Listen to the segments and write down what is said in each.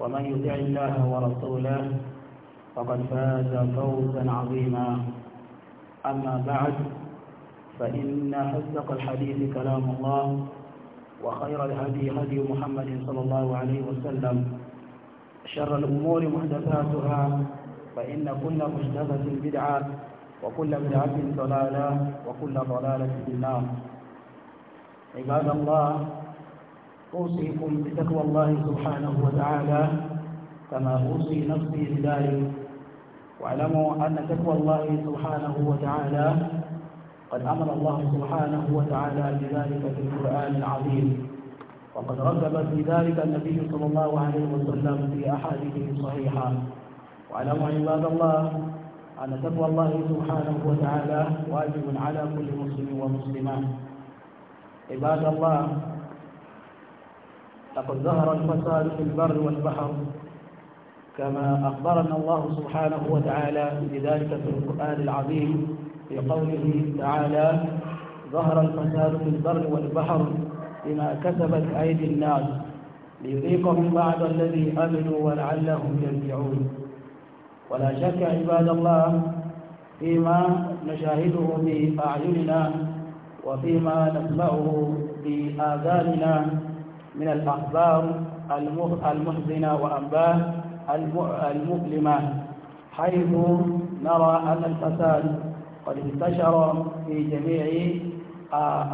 ومن يطع الله ورسوله فقد فاز فوزا عظيما أما بعد فإن أصدق الحديث كلام الله وخير الهدي هدي محمد صلى الله عليه وسلم شر الأمور محدثاتها فإن كل محدثة بدعة وكل بدعة ضلالة وكل ضلالة في النار عباد الله أوصيكم بتقوى الله سبحانه وتعالى كما أوصي نفسي بذلك واعلموا أن تقوى الله سبحانه وتعالى قد أمر الله سبحانه وتعالى بذلك في القرآن العظيم وقد رغب في ذلك النبي صلى الله عليه وسلم في أحاديثه الصحيحة واعلموا عباد الله أن تقوى الله سبحانه وتعالى واجب على كل مسلم ومسلمة عباد الله لقد ظهر الفساد في البر والبحر كما أخبرنا الله سبحانه وتعالى بذلك في القرآن العظيم في قوله تعالى ظهر الفساد في البر والبحر بما كسبت أيدي الناس ليذيقهم بعد الذي أمنوا ولعلهم يرجعون ولا شك عباد الله فيما نشاهده بأعيننا وفيما نسمعه بآذاننا من الأخبار المحزنة وأنباء المؤلمة حيث نرى أن الفساد قد انتشر في جميع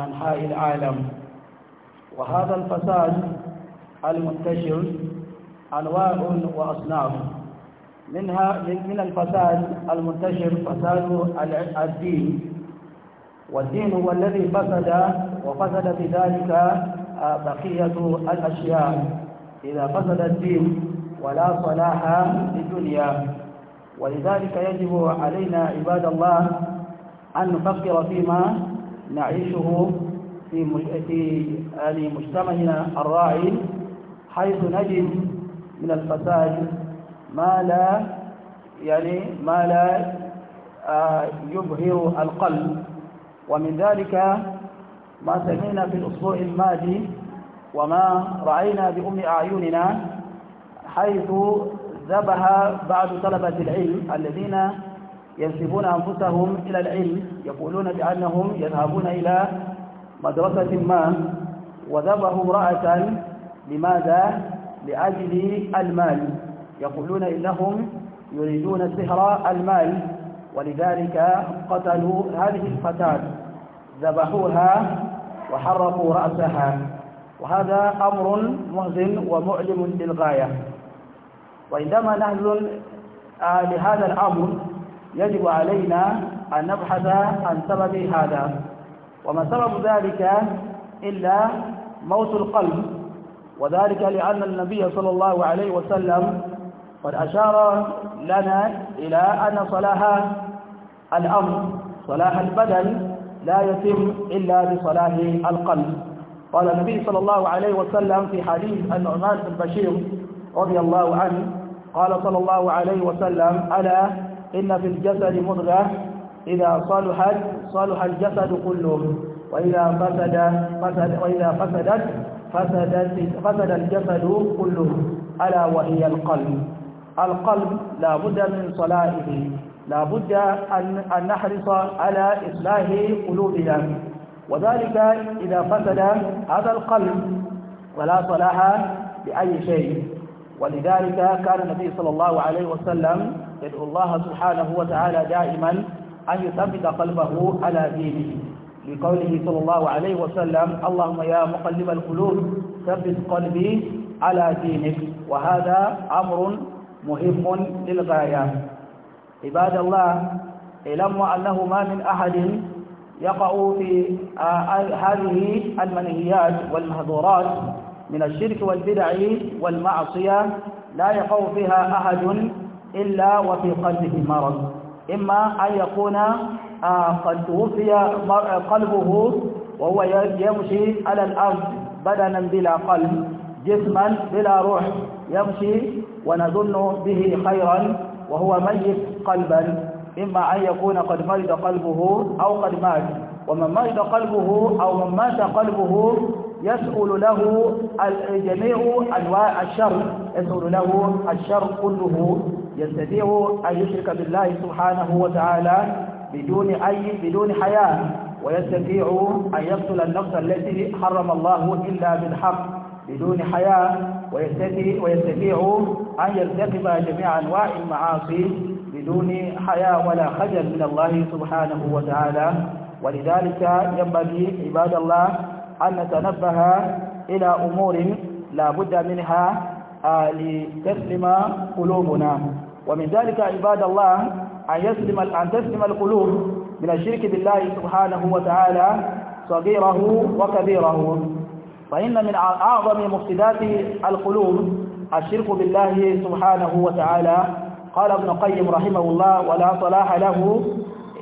أنحاء العالم وهذا الفساد المنتشر أنواع وأصناف منها من الفساد المنتشر فساد الدين والدين هو الذي فسد وفسد بذلك بقية الأشياء إذا فسد الدين ولا صلاح للدنيا ولذلك يجب علينا عباد الله أن نفكر فيما نعيشه في يعني مجتمعنا الراعي حيث نجد من الفساد ما لا يعني ما لا آه، يبهر القلب ومن ذلك ما سمعنا في الأسبوع الماضي وما رأينا بأم أعيننا حيث ذبح بعض طلبة العلم الذين ينسبون أنفسهم إلى العلم يقولون بأنهم يذهبون إلى مدرسة ما وذبحوا امرأة لماذا؟ لأجل المال يقولون إنهم يريدون سهر المال ولذلك قتلوا هذه الفتاة ذبحوها وحركوا رأسها وهذا أمر محزن ومؤلم للغاية وعندما نهل آه، لهذا الأمر يجب علينا أن نبحث عن سبب هذا وما سبب ذلك إلا موت القلب وذلك لأن النبي صلى الله عليه وسلم قد أشار لنا إلى أن صلاح الأمر صلاح البدن لا يتم إلا بصلاح القلب قال النبي صلى الله عليه وسلم في حديث النعمان بن بشير رضي الله عنه قال صلى الله عليه وسلم ألا إن في الجسد مضغة إذا صلحت صلح الجسد كله وإذا فسد فسد وإذا فسدت فسدت فسد الجسد كله ألا وهي القلب القلب لا بد من صلاحه لابد أن نحرص على إصلاح قلوبنا وذلك إذا فسد هذا القلب ولا صلاح بأي شيء ولذلك كان النبي صلى الله عليه وسلم يدعو الله سبحانه وتعالى دائما أن يثبت قلبه على دينه لقوله صلى الله عليه وسلم اللهم يا مقلب القلوب ثبت قلبي على دينك وهذا أمر مهم للغاية عباد الله اعلموا أنه ما من أحد يقع في آه، هذه المنهيات والمهذورات من الشرك والبدع والمعصية لا يقع فيها أحد إلا وفي قلبه مرض إما أن يكون آه، قد توفي قلبه وهو يمشي على الأرض بدنا بلا قلب جسما بلا روح يمشي ونظن به خيرا وهو ميت قلبا إما أن يكون قد مرض قلبه أو قد مات ومن مرض قلبه أو من مات قلبه يسأل له جميع أنواع الشر يسأل له الشر كله يستطيع أن يشرك بالله سبحانه وتعالى بدون أي بدون حياة ويستطيع أن يقتل النفس التي حرم الله إلا بالحق بدون حياة ويستطيع أن يرتكب جميع أنواع المعاصي بدون حياء ولا خجل من الله سبحانه وتعالى ولذلك ينبغي عباد الله أن نتنبه إلى أمور لا بد منها آه، لتسلم قلوبنا ومن ذلك عباد الله أن, يسلم أن تسلم القلوب من الشرك بالله سبحانه وتعالى صغيره وكبيره فإن من أعظم مفسدات القلوب الشرك بالله سبحانه وتعالى قال ابن قيم رحمه الله ولا صلاح له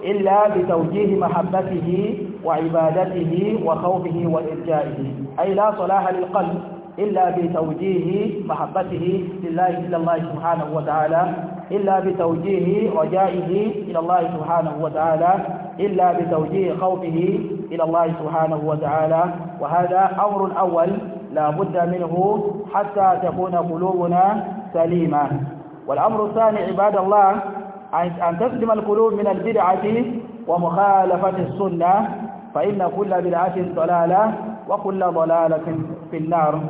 إلا بتوجيه محبته وعبادته وخوفه وإرجائه أي لا صلاح للقلب إلا بتوجيه محبته لله إلى الله سبحانه وتعالى إلا بتوجيه رجائه إلى الله سبحانه وتعالى إلا بتوجيه خوفه إلى الله سبحانه وتعالى وهذا أمر أول لا بد منه حتى تكون قلوبنا سليمة والأمر الثاني عباد الله أن تسلم القلوب من البدعة ومخالفة السنة فإن كل بدعة ضلالة وكل ضلالة في النار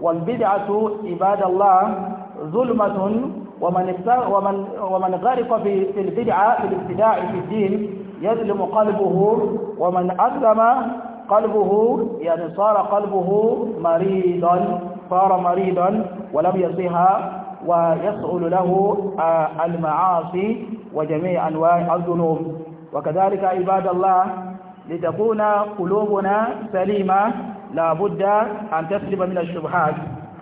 والبدعة عباد الله ظلمة ومن ومن ومن غرق في البدعة في الابتداع في الدين يظلم قلبه ومن أظلم قلبه يعني صار قلبه مريضا صار مريضا ولم يصيها ويسهل له آه، المعاصي وجميع أنواع الذنوب وكذلك عباد الله لتكون قلوبنا سليمة لا بد أن تسلم من الشبهات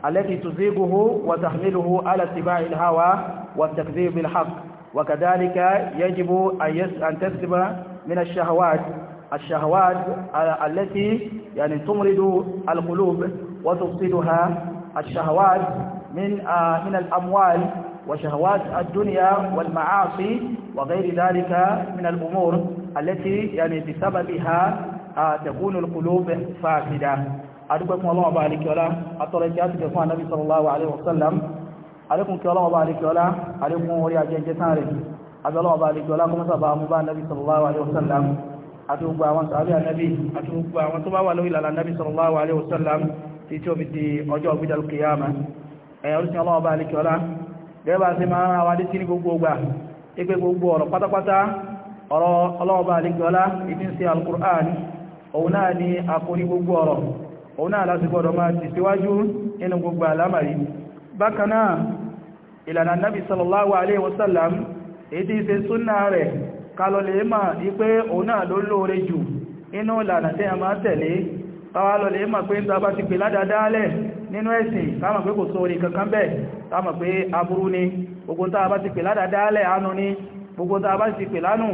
التي تزيغه وتحمله على اتباع الهوى والتكذيب بالحق وكذلك يجب أن تسلم من الشهوات الشهوات آه، التي يعني تمرض القلوب وتفسدها الشهوات من آه، من الأموال وشهوات الدنيا والمعاصي وغير ذلك من الأمور التي يعني بسببها آه، تكون القلوب فاسدة أدعوكم الله وبارك ولا أتركت فوق النبي صلى الله عليه وسلم alekun kí ọlọ́wọ́ bá alekun ọlá alekun orí ajẹ́jẹ́ tán rẹ̀ agbọ́lọ́wọ́ bá alekun ọlá kọmọ́sà bá mú bá nabi sallallahu alaihi wasallam àti gbogbo àwọn sàárì ànábì àti gbogbo àwọn tó bá wà lórí ìlànà nabi sallallahu alaihi wasallam tí tí ó fi di ọjọ́ ògbídà kìyàmà ẹ̀yà orísun ọlọ́wọ́ bá alekun ọlá gẹ́gẹ́ bá ṣe máa ń àwọn adé sí ní gbogbo ọgbà ipe gbogbo ọ̀rọ̀ pátápátá bákanáà ìlànà nabi sallallahu alaihi wasallam èdè ìṣe súnnà rẹ̀ kalọ̀lẹ̀ ma ipé òun náà ló lóore jù inú ìlànà tí a máa tẹ̀lé tàwálọ̀lẹ̀ ma pé ń tàbá ti pè ládádálẹ̀ nínú ẹ̀sìn káàmà pé kò sóorí kankan bẹ́ẹ̀ káàmà pé aburú ni gbogbo tàbá ti pè ládádálẹ̀ ánú ni gbogbo tàbá ti pè lánú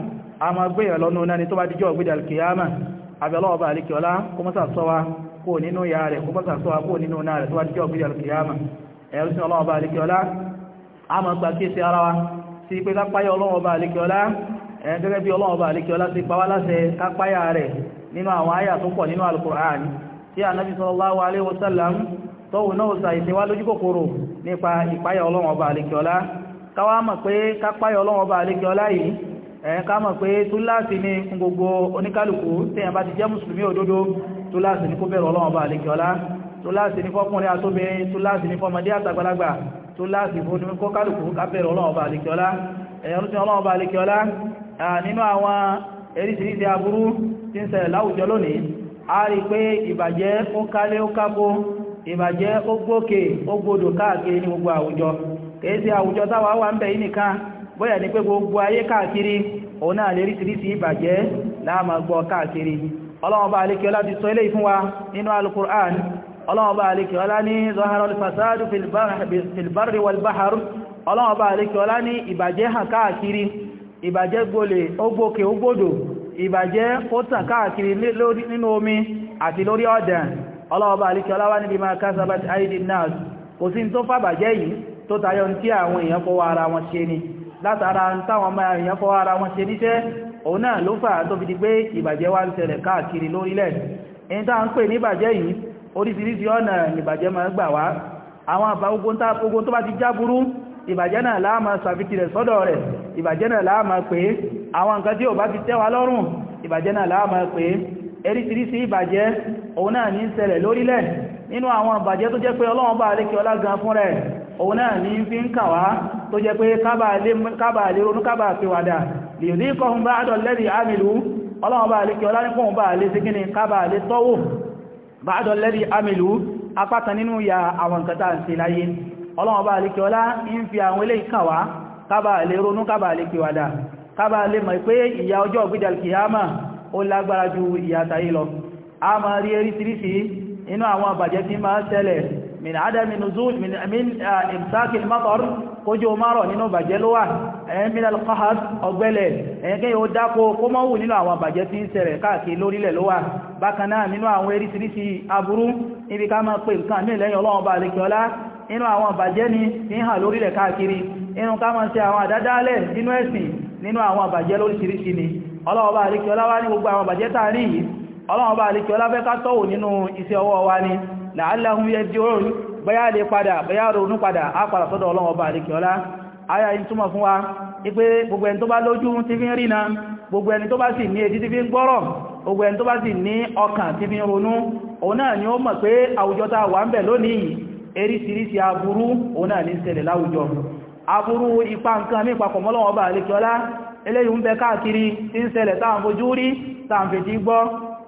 a ẹ̀rù sí ọlọ́ọ̀bá àríkíọlá a ma gba kí sí ara wa sí pé kápáyà ọlọ́ọ̀bá àríkíọlá gẹ́gẹ́ bí ọlọ́ọ̀bá àríkíọlá ti pa wá láṣẹ kápáyà rẹ̀ nínú àwọn àyà tó pọ̀ nínú alukur'an tí ànábì sallallahu alaihi wasallam tọ́wù sa ìsinwá lójú kòkòrò nípa ìpáyà ọlọ́ọ̀bá àríkíọlá káwá mọ̀ pé kápáyà ọlọ́ọ̀bá àríkíọlá túláàsì ní fọ́kùnrin àtóbìnrin túláàsì ní fọ́mọdé àtàgbàlagbà túláàsì fún ní kọ́kàlùkù kábẹ̀rẹ̀ ọlọ́run ọba àlekíọ́lá ẹ̀yọ́n tí nínú àwọn eríṣiríṣi aburú tí ń ṣẹlẹ̀ láwùjọ lónìí a rí pé ìbàjẹ́ ó kálé ó kákó ìbàjẹ́ ó gbókè ó gbódò káàkiri ní gbogbo àwùjọ kìí ugbo sọ wa nínú alukur'an ọlọ́wọ́ bá alékẹ́ ọlá ní zọ́hárọ̀lì fasádù filbari walbahar ọlọ́wọ́ bá alékẹ́ ọlá ní ìbàjẹ́ hàn káàkiri ìbàjẹ́ gbolè ogbókè ogbódò ìbàjẹ́ ó tàn káàkiri nínú omi àti lórí ọ̀dàn ọlọ́wọ́ bá alékẹ́ ọlá wá níbi máa kásábàtì aidin nas kò sí tó fàbàjẹ́ yìí tó tayọ tí àwọn èèyàn fọwọ́ ara wọn ṣe ni látara táwọn ọmọ èèyàn fọwọ́ ara wọn ṣe níṣẹ́ òun náà ló fà tó ní ìbàjẹ́ oríṣiríṣi ọ̀nà ìbàjẹ́ máa gbà wá àwọn àbá ogun tó bá ti jáburú ìbàjẹ́ náà láàmà sàfitì rẹ̀ sọ́dọ̀ rẹ̀ ìbàjẹ́ náà láàmà pé àwọn nǹkan tí ò bá ti tẹ́ wa lọ́rùn ìbàjẹ́ náà láàmà pé eríṣiríṣi ìbàjẹ́ òun náà ní ń ṣẹlẹ̀ lórílẹ̀ nínú àwọn ìbàjẹ́ tó jẹ́ pé ọlọ́run bá lékè ọlá gan fún rẹ̀ òun náà ní fi ń kà wá tó jẹ́ pé kábà lè ronú kábà fi wàdà lè ní kóhun báadọ̀ lẹ́rí amìlú apáta nínú ya àwọn nǹkan tàà sí láyé ọlọ́wọ́ bá lè kíọ́lá ń fi àwọn ilé ìkàwà kábà lè ronú kábà lè kíwàdà kábà lè mọ̀ pé ìyà ọjọ́ ọ̀gbídà kìyàmà ó lágbára ju ìyà tayé lọ a ma rí eríṣiríṣi kójò márọ̀ nínú bàjẹ́ ló wà ẹ̀yìn mílẹ̀ alkohas ọgbẹ́lẹ̀ ẹ̀yìn kí o dákó kó mọ́wù nínú àwọn bàjẹ́ tí ń ṣẹlẹ̀ káàkiri lórílẹ̀ ló wà bákan náà nínú àwọn eríṣiríṣi aburú ibi ká máa pè nǹkan mí lẹ́yìn ọlọ́run bá lè kíọlá inú àwọn bàjẹ́ ni fi ń hàn lórílẹ̀ káàkiri inú ká máa ṣe àwọn àdádálẹ̀ nínú ẹ̀sìn nínú àwọn bàjẹ́ lóríṣiríṣi ni ọlọ́run bá lè kíọlá wá ní gbogbo àwọn bàjẹ́ tààrí yìí ọlọ́run bá lè kíọlá fẹ́ ká tọ́wò nínú iṣẹ́ ọwọ́ wa ni la'allahum yarji'un bóyá lè padà bóyá ronú padà á padà sọ́dọ̀ ọlọ́wọ́ bá àríkì ọlá ayá yìí túnmọ̀ fún wa ipé gbogbo ẹni tó bá lójú ti fi ń rìnà gbogbo ẹni tó bá sì ní etí ti fi ń gbọ́rọ̀ gbogbo ẹni tó bá sì ní ọkàn ti fi ń ronú òun náà ni ó mọ̀ pé àwùjọ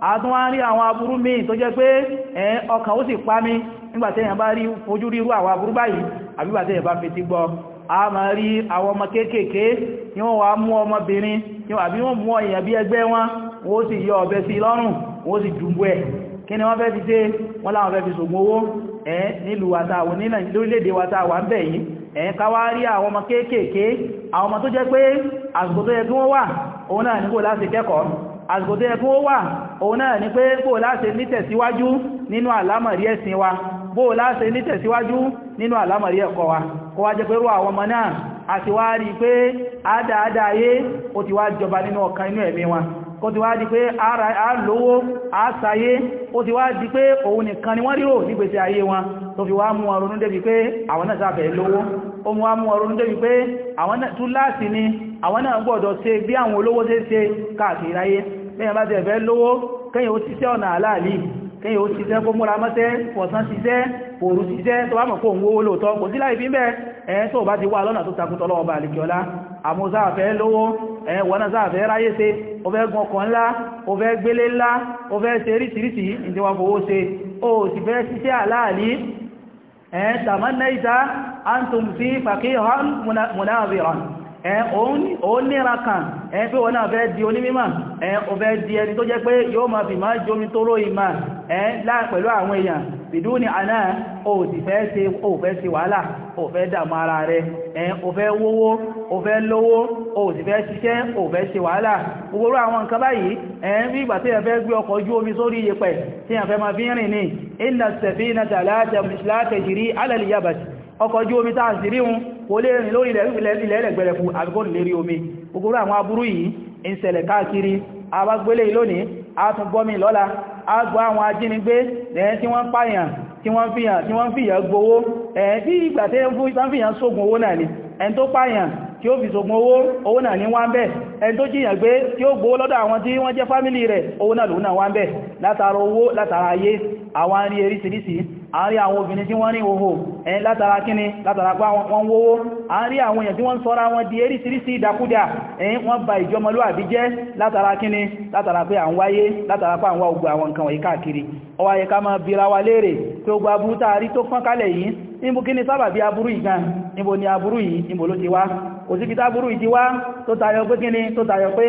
àtún wá rí àwọn aburú míì tó jẹ́ pé ẹ̀ẹ́ ọkàn ó sì pa mí nígbàtẹ́yàn bá rí fojú rí àwọn aburú báyìí àbígbàtẹ́yàn bá gbọ́ a ma rí àwọn ọmọ kéékèèké ní wọ́n wá mú ọmọbìnrin ní wọ́n mú èèyàn bí ẹgbẹ́ wọn wọ́n sì yọ ọ̀bẹ sí lọ́rùn wọ́n sì ẹ̀ kí ni wọ́n fẹ́ fi dé wọ́n láwọn fi owó ẹ̀ wa ń bẹ̀ yìí rí àwọn ọmọ àsìkò tó yẹ kó wà òun náà ni pé bóò láṣe nítẹ̀síwájú nínú àlámọ̀rí ẹ̀sìn wa bóò láṣe nítẹ̀síwájú nínú àlámọ̀rí ẹ̀kọ́ wa kó wá jẹ́ pé rú àwọn ọmọ náà àti wá rí pé àádáadáayé ó ti wá jọba nínú ọkàn inú ẹ̀mí wa kó ti wá di pé a lówó a sáyé ó ti wá di pé òun nìkan ni wọ́n ríro nígbèsè ayé wọn tó fi wá mú ọrún ní débi pé àwọn náà sáfẹ́ lówó ó mú wá mú ọrún ní débi pé àwọn náà tún láti ni àwọn náà gbọ́dọ̀ ṣe bí àwọn olówó ṣe ṣe káàkiri ayé lẹ́yìn bá ti ẹ̀fẹ́ lówó kẹ́yìn ó ṣiṣẹ́ ọ̀nà àláàlì kẹ́yìn ó ṣiṣẹ́ kó múra mọ́ṣẹ́ pọ̀sán ṣiṣẹ́ òru ṣiṣẹ́ tó bá mọ̀ kó ń wó lóòtọ́ kò sí láì fi ń bẹ́ ẹ̀ tó bá ti wá lọ́nà tó takútọ́ lọ́wọ́ bá àlìkíọ́lá àmúsáàfẹ́ lówó ẹ̀wọ̀n sáàfẹ́ ráyé ṣe o antum fi faqihan munaziran òun níra kan ẹ pé wọ́n náà fẹ́ di onímímọ̀ ẹ o fẹ́ di ẹni tó jẹ́ pé yóò máa fi máa jómi tó ró ìmá ẹ láà pẹ̀lú àwọn èèyàn bìdú ni àná o sì fẹ́ ṣe o fẹ́ ṣe wàhálà o fẹ́ dàmú ara rẹ ẹ o fẹ́ wówó o fẹ́ lówó o sì fẹ́ ṣiṣẹ́ o fẹ́ ṣe wàhálà gbogbo àwọn nǹkan báyìí ẹ ń bí ìgbà tí ẹ fẹ́ gbé ọkọ̀ ojú omi sórí iyepẹ̀ tí ẹ fẹ́ máa fi rìn ní inna as-safinata la tajri ọkọ̀ ojú omi táà sí ríhun kò lè rìn lórí ilẹ̀ẹ́lẹ̀gbẹ̀rẹ̀ fún àbíkò lè rí omi ogoro àwọn aburú yìí ń ṣẹlẹ̀ káàkiri abágbélé lónìí a tún gbọ́mí lọ́la a gbọ́ àwọn ajínigbé lẹ́yìn tí wọ́n pààyàn tí wọ́n fìyàn tí wọ́n fìyàn gbowó ẹ̀yìn tí ìgbà tí ń fún ìtàn fìyàn sógun owó náà ni ẹni tó pààyàn tí ó fi sógun owó owó náà ní wá ń àárí àwọn obìnrin tí wọ́n ní òhò ẹ látara kíni látara pa wọn wówó àárí àwọn èèyàn tí wọ́n sọ́ra wọn di eríṣiríṣi ìdàkúdà ẹ̀yìn wọ́n ba ìjọmọlúwàbí jẹ́ látara kíni látara pé à ń wáyé látara pé àwọn ogun àwọn nǹkan wọ̀nyí káàkiri ó wá yẹ ká máa bira wa léèrè tó gba aburú tààrí tó fọ́n kálẹ̀ yìí níbo kí ni sábàbí aburú yìí gan níbo ni aburú yìí níbo ló ti wá òsìkítà aburú yìí ti wá tó tayọ pé kíni tó tayọ pé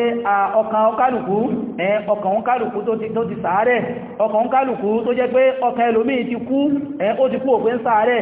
ọkàn ọkàlùkú ọkàn ọkàlùkú tó ti sàárẹ̀ ọkàn ọkàlùkú tó jẹ́ pé ọkàn ẹlòmíì ti kú ó ti kú òpin sàárẹ̀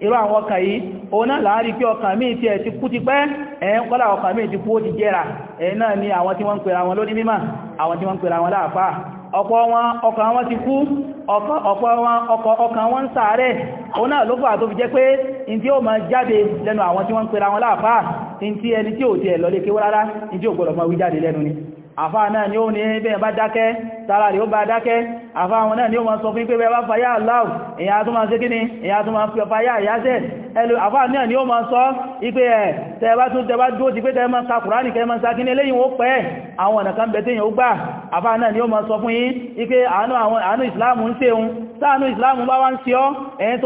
irú àwọn ọkà yìí òun náà láàrí pé ọkà míì tí ẹ̀ ti kú ti pẹ́ ẹ̀yìn kọ́lá ọkà míì ti kú ó ti jẹ́ra ẹ̀yìn náà ni àwọn tí wọ́n ń pèrà wọn lóní mímọ̀ àwọn tí wọ́n ń pèrà wọn láàfáà ọ̀pọ̀ wọn ọkà wọn ti kú ọ̀pọ̀ wọn ọkà wọn ń sàárẹ̀ òun náà ló fà tó fi jẹ́ pé in tí ó máa jáde lẹ́nu tààrà rí ó bá dákẹ́ àfá àwọn náà ni ó ma sọ fún pé bẹ bá fàyà aláwò èyàn tó ma ṣe kíni èyàn tó ma fàyà àyáṣẹ́ ẹlù àfá náà ni ó ma sọ ipé ẹ̀ tẹ́ẹ̀bá tún tẹ́ẹ̀bá dúó ti pé tẹ́ẹ̀ ma sa kùránì kẹ́ẹ̀ ma sa kíní eléyìn ó pẹ́ àwọn ọ̀nà kan bẹ̀tẹ̀ yẹn ó gbà àfá náà ni ó ma sọ fún yín ipé àánú ìsìláàmù ń ṣe òun sáànú ìsìláàmù bá wá ń ṣe ọ́ ẹ̀yìn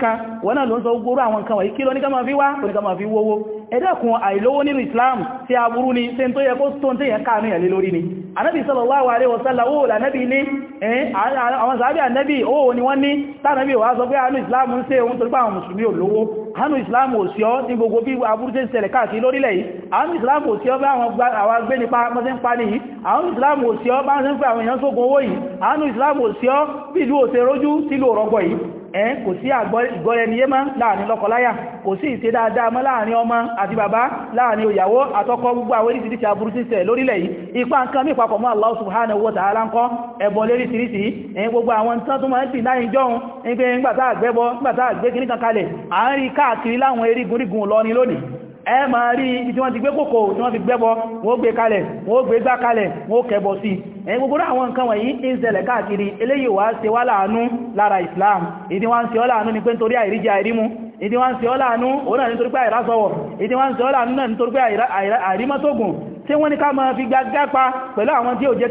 tó nǹkan wọ́n náà ló ń sọ gbogbo àwọn nǹkan wọ̀nyí kí ló ní ká máa fi wá kò ní ká máa fi wówó ẹ̀dẹ́kùn àìlówó nínú Islam tí a burú ni tí tó yẹ kó tó ń tẹ́yẹ káàánú yẹ̀ lé lórí ni anábì sallallahu alaihi wasallam owó lànẹ́bì ní àwọn sàábì ànẹ́bì owó ni wọ́n ní tánàbì wà sọ pé àánú Islam ń ṣe ohun torípa àwọn Islam ò sí ọ́ ní gbogbo bí aburú tẹ́ ṣẹlẹ̀ káàkiri lórílẹ̀ yìí àánú Islam ò sí ọ́ bí àwọn agbé nípa mọ́sẹ́ ń pa nìyí àánú Islam ò sí ọ́ bá ń sẹ́ ń pẹ́ àwọn èèyàn Islam ò sí ọ́ bí ìlú òṣèròjú ẹ̀ kò sí ìgbọ́rẹniyé mọ́ láàrin lọ́kọláya kò sí ìṣe dáadáa mọ́ láàrin ọmọ àti bàbá láàrin òyàwó àtọkọ gbogbo àwọn oríṣiríṣi aburú sí ṣẹ̀ lórílẹ̀ yìí ipa nǹkan mí papọ̀ mọ́ Allah subhanahu wa ta'ala ńkọ́ ẹbọ lóríṣiríṣi ẹ̀yìn gbogbo àwọn tán tó máa ń sìn láyìn jọun nígbàtà àgbẹ́bọ nígbàtà àgbẹ́kìníkan kalẹ̀ à ń rí káàkiri láwọn erigun rígun lọ ẹ ma rí ìdí wọ́n ti gbé kòkò tí wọ́n ti gbẹ́bọ wọ́n gbé kalẹ̀ wọ́n gbé gbá kalẹ̀ wọ́n kẹbọ sí ẹ̀yìn gbogbo àwọn nǹkan wọ̀nyí ń ṣẹlẹ̀ káàkiri eléyìí wá ṣe wá láàánú Islam ìdí wọ́n ṣe ọ́ láàánú ni pé nítorí àìríjẹ àìrímu ìdí wọ́n ṣe ọ́ láàánú òun náà nítorí pé àìrásọwọ̀ ìdí wọ́n ṣe ọ́ láàánú náà nítorí pé àìrímọ́tògùn tí wọ́n ní ká máa fi gbágbápa pẹ̀lú àwọn tí ò jẹ́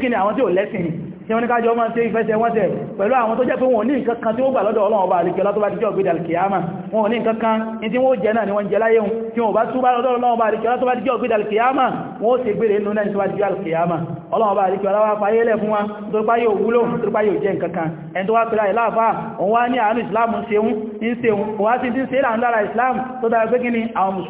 tí wọ́n ní kájọ máa ṣe ìfẹsẹ̀ wọ́n tẹ̀ pẹ̀lú àwọn tó jẹ́ pé wọn ò ní nǹkan kan tí ó gbà lọ́dọ̀ Ọlọ́run ọba àlìkẹ́lá tó bá díjọ́ ògbé dàlìkìyàmà wọn ò ní nǹkan kan ní tí wọ́n jẹ náà ni wọ́n jẹ láyé hun tí wọ́n bá túbá lọ́dọ̀ Ọlọ́run ọba àlìkẹ́lá tó bá díjọ́ ògbé dàlìkìyàmà wọ́n ó ṣe gbére nínú náà ní tó bá díjọ́ àlìkìyàmà Ọlọ́run ọba àríkẹ́ ọlọ́wà fayé lẹ̀ fún wa tó bá yóò wúlò tó bá yóò jẹ́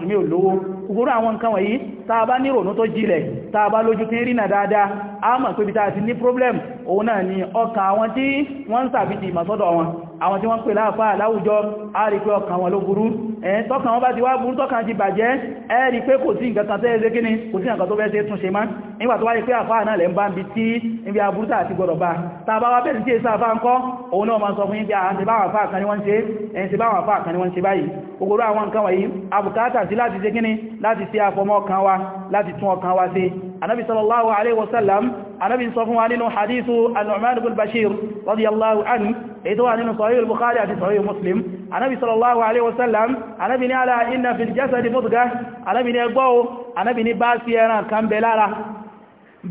nǹkankan gbogbo àwọn nǹkan wọ̀nyí tàà bá ní rònú tó jílẹ̀ tàà bá lójú tí ń rìnà dáadáa a mọ̀ pé bí tàà ti ní problem òun náà ni ọkàn àwọn tí wọ́n ń sàbìtì ìmọ̀sọ́dọ̀ wọn àwọn tí wọ́n pè láàfáà láwùjọ a rí pé ọkàn wọn ló burú ẹ̀yìn tọ́kàn wọn bá ti wá burú tọ́kàn ti bàjẹ́ ẹ rí pé kò sí nǹkan kan tẹ́ẹ̀ẹ́ kíní kò sí nǹkan tó fẹ́ ṣe túnṣe má nígbà tó wáyé pé àfáà náà lẹ ń bá ń bi tí ibi àbúrútà àti gbọdọ̀ bá ta bá wá bẹ́ẹ̀ tí èsà àfáà ń kọ́ òun náà máa sọ fún ibi àti báwọn àfáà kan ni wọ́n ṣe ẹ̀yìn sí báwọn àfáà kan ni wọ́n ṣe báyìí gbogbo àwọn nǹkan wọ̀nyí àbùkátà sí láti ṣe kíní láti ṣe àfọmọ́ ọkàn wa láti tún ọkàn wa ṣe anábi sallallahu alaihi wasallam anábi sọ fún wa nínú hadithu al-nu'man bin bashir radiyallahu anhu ètò wà nínú sahih al-bukhari àti sahih muslim anábi sallallahu alaihi wasallam anábi ní ala inna fil jasadi mudghah anábi ní ẹgbọ́ anábi ní bá sí ẹran kan bẹ lára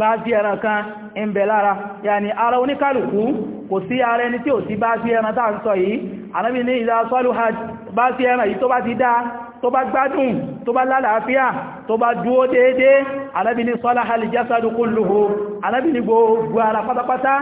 bá sí ẹran kan ń bẹ lára yàní ara oníkálùkù kò sí ara ẹni tí ò sí bá sí ẹran tá ń sọ yìí anábi ní ìdá sọ́lù tó bá gbádùn tó bá lálàáfíà tó bá dúó déédéé alábìní sọ́lá alìjásádù kulluhu alábìní gbogbo ara pátápátá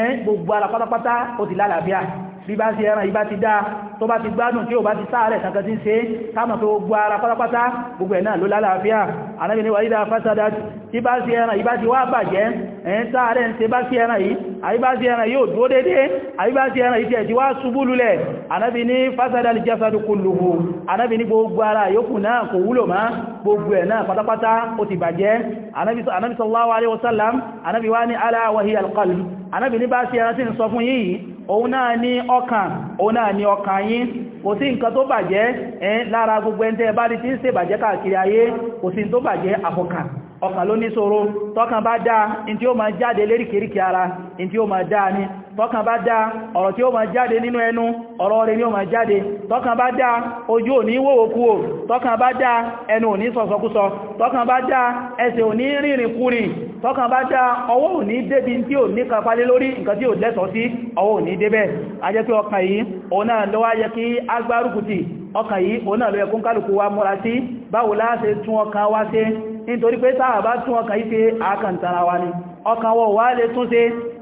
ẹ́ gbogbo ara pátápátá ó ti lálàáfíà bí bá sí ẹran ibá ti dáa tó bá ti gbádùn tí ó bá ti sáàrẹ̀ kankan tí ń ṣe káàmà tó gbogbo ara pátápátá gbogbo ẹ̀ náà ló lálàáfíà anábì ní wàídà fásádà tí bá sí ẹran ìbá ti wá bàjẹ́ ẹ̀yìn sáàrẹ̀ ń ṣe bá sí ẹran yìí àyíbá sí ẹran yóò dúó dédé àyíbá sí ẹran yìí tí ẹ̀ ti wá ṣubú lulẹ̀ anábì ní fásádà lè jásádù kulluhu anábì ní gbogbo ara yòókù náà kò wúlò má gbogbo ẹ̀ náà pátápátá ó ti bàjẹ́ anábì sallallahu alaihi wasallam anábì wá ní ala wa hiya ní bá sí ẹran tí ń sọ fún yìí òun náà ní ọkàn òun náà ní ọkàn yín kò sí nǹkan tó bàjẹ́ ẹ́ lára gbogbo ẹntẹ́ bá rí tí ń ṣe bàjẹ́ káàkiri ayé kò sí tó bàjẹ́ àfọkàn ọkàn ló ní ṣòro tọ́kàn bá dáa in tí ó ma jáde léríkèríkè ara in tí ó ma dáa ní tọ́kàn bá dá ọ̀rọ̀ tí ó máa jáde nínú ẹnu ọ̀rọ̀ rẹ̀ ni ó máa jáde tọ́kàn bá dá ojú ò ní wòwòkúwò tọ́kàn bá dá ẹnu ò ní sọ̀sọ̀kúsọ tọ́kàn bá dá ẹsẹ̀ ò ní rìnrìn kúrìn tọ́kàn bá dá ọwọ́ ò ní débi tí ò ní kapalé lórí nǹkan tí ò lẹ́tọ̀ọ́ sí ọwọ́ ò ní débẹ̀ a jẹ́ pé ọkàn yìí òun náà ló wá kí agbárùkùtì ọkàn yìí òun náà ló yẹ kún kálùkù wa múra sí báwo la tún ọkàn wa ṣe nítorí pé sáà bá tún ọkàn yìí ṣe àkàntara wa ni ọkàn wọ wá lè tún ṣe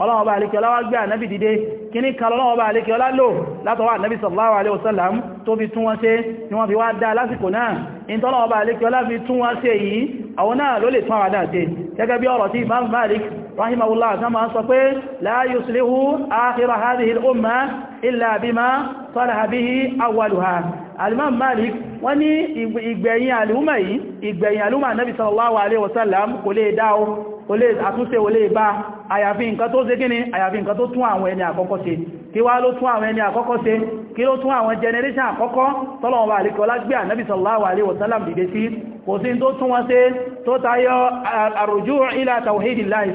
ọlọ́wọ́ bá alékẹ́ ọláwà gbé ànábì dìde kí ní kan ọlọ́wọ́ bá alékẹ́ ọlá lò látọwà ànábì sallallahu alaihi wasallam tó fi tún wọn ṣe ni wọ́n fi wá dá lásìkò náà ìtọ́lọ́wọ́ bá alékẹ́ ọlá fi tún àwọn náà ló lè tán àdá jẹ gẹ́gẹ́ bí ọ̀rọ̀ tí Imam Malik rahimahullah ta ma ń sọ pé la yuslihu akhira hadhihi al-umma illa bima salaha bihi awwaluha al-Imam Malik wọ́n ní ìgbẹ̀yìn alúmà yìí ìgbẹ̀yìn alúmà nabi sallallahu alaihi wasallam kò lè kí wá ló tún àwọn ẹni àkọ́kọ́ ṣe kí ló tún àwọn generation àkọ́kọ́ tọ́lọ̀wọ̀n àríkọlá gbé ànábì sallallahu alaihi dìde sí kò sí tó tún wọ́n ṣe tó tayọ àrùjú ila tawhidillahi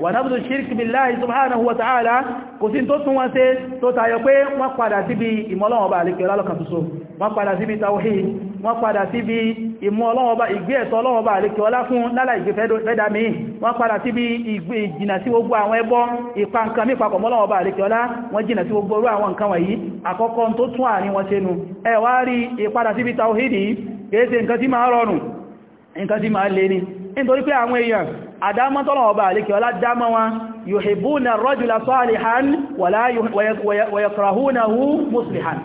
wà nábùdó ṣírkì billahi subhanahu wa ta'ala kò sí tó tún wọn ṣe tó tayọ pé wọ́n padà síbi ìmọ́lọ́wọ́ bá àlekẹ̀ lálọ́kan tuso wọ́n padà síbi tawhid wọ́n padà síbi ìmọ̀ ọlọ́wọ́ba ìgbé ẹ̀tọ́ ọlọ́wọ́ba àlékẹ́ ọlá fún lálà ìgbé fẹ́dà míì wọ́n padà síbi ìgbé ìjìnà sí gbogbo àwọn ẹbọ ipa nǹkan mípapọ̀ mọ́lọ́wọ́ba àlékẹ́ ọlá wọ́n jìnà sí gbogbo orú àwọn nǹkan wọ̀nyí àkọ́kọ́ tó tún àárín wọn ṣe nu ẹ wá rí ìpadà síbi tawhidi kèése nǹkan tí máa rọrùn nǹkan tí máa lè ni nítorí pé àwọn èèyàn àdámọ́ tọ́lọ̀ ọba àlékẹ́ ọlá dámọ́ wọn yuhibbuna ar-rajula salihan wa yakrahunahu muslihan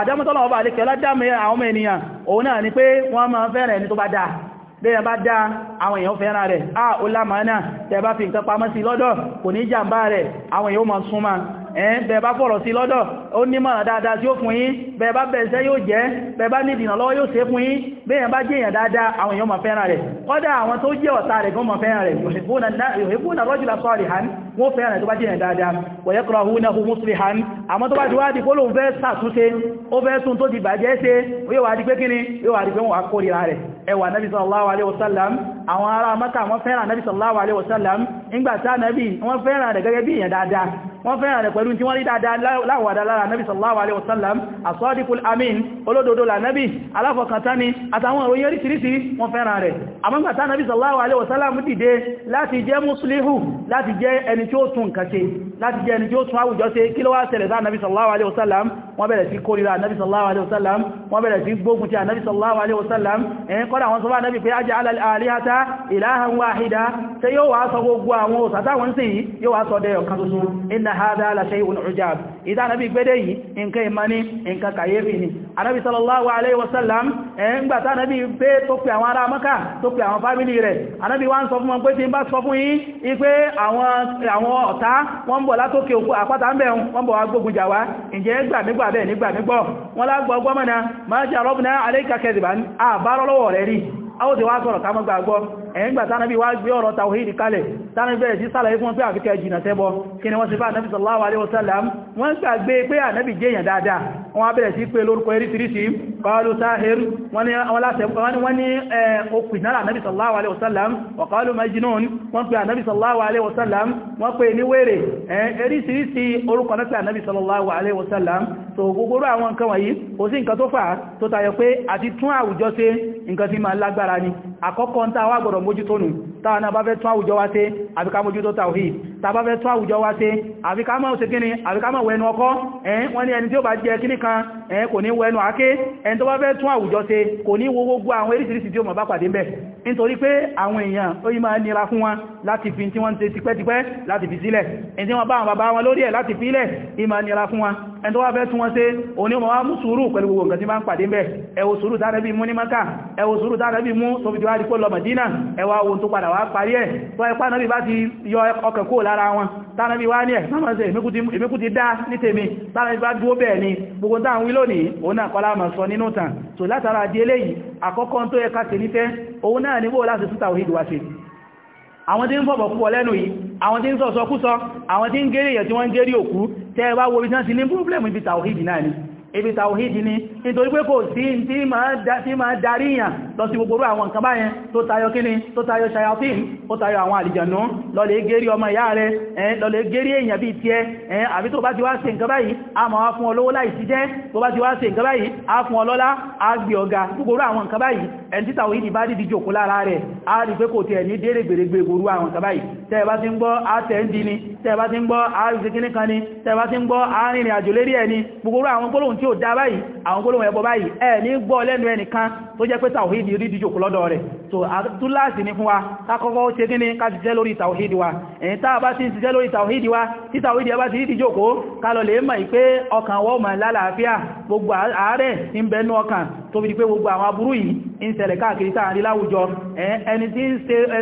àdámọ́ tọ́lọ̀ ọba àlékẹ́ ọlá dámọ́ àwọn ènìyàn òun náà ni pé wọ́n máa fẹ́ràn ẹni tó bá dáa bẹ́ẹ̀ bá dá àwọn èèyàn ẹ̀ẹ́n bẹ̀ẹ̀bá fọ̀rọ̀ sí lọ́dọ̀ ó nímọ̀ dáadáa tí ó fún yín bẹ̀ẹ̀bá bẹ̀ẹ̀ṣẹ́ yóò jẹ́ bẹ̀ẹ̀bá ní ìdìnà lọ́wọ́ yóò ṣe fún yín bẹ́ẹ̀yàn bá jẹ́yàn dáadáa àwọn èèyàn mọ̀ fẹ́ràn rẹ̀ kọ́dà àwọn tó jẹ́ ọ̀tá rẹ̀ gan mọ̀ fẹ́ràn rẹ̀ yuhibbuna rajula salihan wọ́n fẹ́ràn tó bá jẹ́yàn dáadáa wa yakrahunahu muslihan àmọ́ tó di kólóhùn fẹ́ sàtúnṣe ó fẹ́ tún tó ti bàjẹ́ ṣe yóò wá nabi sallallahu alaihi wasallam àwọn ará maka wọ́n fẹ́ràn nabi sallallahu alaihi wasallam nígbàtá nabi wọ́n fẹ́ràn rẹ̀ gẹ́gẹ́ bí èèyàn dáadáa wọ́n fẹ́ràn rẹ̀ pẹ̀lú tí wọ́n rí dáadáa láwàdá lára nábi sallallahu alaihi wasallam asọ́díkul amin olódodo là nábi aláfọkàntání àtàwọn òròyìn oríṣiríṣi wọ́n fẹ́ràn rẹ̀ àmọ́gbàtá nábi sallallahu alaihi wasallam dìde láti jẹ́ muslihu láti jẹ́ ẹni tí ó tún kàṣe láti jẹ́ ẹni tí ó tún àwùjọ ṣe kí ló wá ṣẹlẹ̀ sáà nàbí sallallahu alaihi wasallam wọ́n bẹ̀rẹ̀ sí kórìíra nàbí sallallahu alaihi wasallam wọ́n bẹ̀rẹ̀ sí gbógun ti ànàbí sallallahu alaihi wasallam ẹ̀yìn kọ́dà wọn sọ bá nàbí pé ajá alìhata ilahan wahida tí yóò wá sọ gbogbo àwọn òsàtàwọn sí yóò wá sọ dẹyọ kan tuntun inna hadha la shay'un ujab ìdá nàbí gbédé yìí nǹkan ìmani nǹkan kàyéfì ni anábi sallallahu alaihi wasallam ẹ̀yìn gbà tá nàbí pé tó pè àwọn ará maka tó pè àwọn fámílì rẹ̀ anábi wá ń sọ fún wọn pé tí ń bá sọ fún yín pé àwọn ọ̀tá wọ́n bọ̀ bọ̀ látókè òkú àpáta ń bẹ̀rún wọ́n bọ̀ wá gbógun jà wá ǹjẹ́ gbàmígbà bẹ́ẹ̀ nígbàmígbọ́ wọ́n lágbọ́ gbọ́mọ̀nà máa jà rọ́bùnà alẹ́kàkẹ́ ìbá àbárọ́lọ́wọ̀ rẹ̀ rí àwọn sọ̀rọ̀ ká ẹ̀yìn gbà tánàbí wá gbé ọ̀rọ̀ tàwíìdì kalẹ̀ tánàbí bẹ̀rẹ̀ sí sálàyé fún pé àfikẹ́ jìnà tẹ́bọ kí ni wọ́n ṣe bá ànábì sallallahu alaihi wasallam wọ́n gbàgbé pé ànábì jẹ́yàn dáadáa wọ́n bẹ̀rẹ̀ sí pé lórúkọ eríṣiríṣi qalu sahir wọ́n ní okùn náà ànábì sallallahu alaihi wasallam wa qalu majnun wọ́n pè ànábì sallallahu alaihi wasallam wọ́n pè ní wèrè eríṣiríṣi orúkọ náà ànábì sallallahu alaihi wasallam so gbogbo àwọn nǹkan wọ̀nyí kò sí nǹkan tó fà tó tayọ pé àti tún àwùjọ ṣe nǹkan tí máa lágbára ni àkọ́kọ́ ń tàwà gbọ́dọ̀ mójútónù táwọn náà bá fẹ́ tún àwùjọ wá sí àbíká mójútó tàwí tàbá fẹ́ tún àwùjọ wa ṣe àfi ká má ṣe kíni àfi ká má wẹnu ọkọ́ ẹ̀yìn wọ́n ní ẹni tí ó bá jẹ kíní kan ẹ̀yìn kò ní wẹnu àáké ẹni tó bá fẹ́ tún àwùjọ ṣe kò ní wo gbogbo àwọn eríṣìíríṣìí tí ó mọ̀ bá pàdé ńbẹ̀ nítorí pé àwọn èèyàn ó yí máa nira fún wọn láti fi tí wọ́n ń ṣe tipẹ́tipẹ́ láti fi sílẹ̀ ẹni tí wọ́n bá àwọn bàbá wọn lórí ẹ̀ láti fi ilẹ̀ yí máa nira fún wọn ẹni tó wá fẹ́ tún wọn ṣe òní ọmọ wá mú sùúrù pẹ̀lú gbogbo nǹkan tí máa ń pàdé ńbẹ̀ ẹ sùúrù tí Ànábì mú ní Mákà ẹ sùúrù tí Ànábì mú tó fi di wá ara wọn tánàbí wá ní ẹ̀ sámọ́sẹ̀ ìmẹ́kú ti dá ní tèmi tánàbí bá dúó bẹ́ẹ̀ ni gbogbo táwọn wí lónìí òun náà kọlá mọ̀ sọ nínú tàn so látara di eléyìí àkọ́kọ́ tó yẹ ká ṣe nífẹ́ òun náà níbò láti sútà òhìdì wá ṣe àwọn tí ń fọ̀bọ̀ púpọ̀ lẹ́nu yìí àwọn tí ń sọ̀sọ̀kúsọ àwọn tí ń gẹ́rẹ̀ èyàn tí ní ibi tàwíìdì ni nítorí pé kò sí tí ma darí ìyàn lọ sí gbogbo àwọn nǹkan báyẹn tó tayọ kíni tó tayọ ṣayafíìn ó tayọ àwọn àlìjànú lọlẹ̀ gẹ́rí ọmọ ìyá rẹ̀ lọlẹ̀ gẹ́rí èèyàn bí tí ẹ àbí tó bá ti wá ṣe nǹkan báyìí a ma wá fún olówó láìsí jẹ́ tó bá ti wá ṣe a fún ọlọ́lá a gbé ọ̀gá gbogbo àwọn nǹkan báyìí tẹ́ẹ̀bá ti ń gbọ́ àárín kìíní kan ni tẹ́ẹ̀bá ti ń gbọ́ àárín ìrìn àjò lérí ẹni gbogbo àwọn gbólóhùn tí ó dá báyìí àwọn gbólóhùn ẹbọ báyìí ẹ̀ ní gbọ́ lẹ́nu ẹnìkan tó jẹ́ pé tàwíìdì rí dìjòkó lọ́dọ̀ rẹ̀ so túláàsì ní fún wa kákọ́kọ́ ṣe kí ní ká ṣiṣẹ́ lórí tàwíìdì wa èyí tá a bá ti ń ṣiṣẹ́ lórí tàwíìdì wa tí tàwíìdì ẹ bá ti rí dìjòkó ká lọ lè mọ̀ pé ọkàn wọ́n mọ̀ lálàáfíà gbogbo àárẹ̀ ń bẹnu ọkàn tó bí pé gbogbo àwọn aburú yìí ń ṣẹlẹ̀ káàkiri táàrin láwùjọ ẹni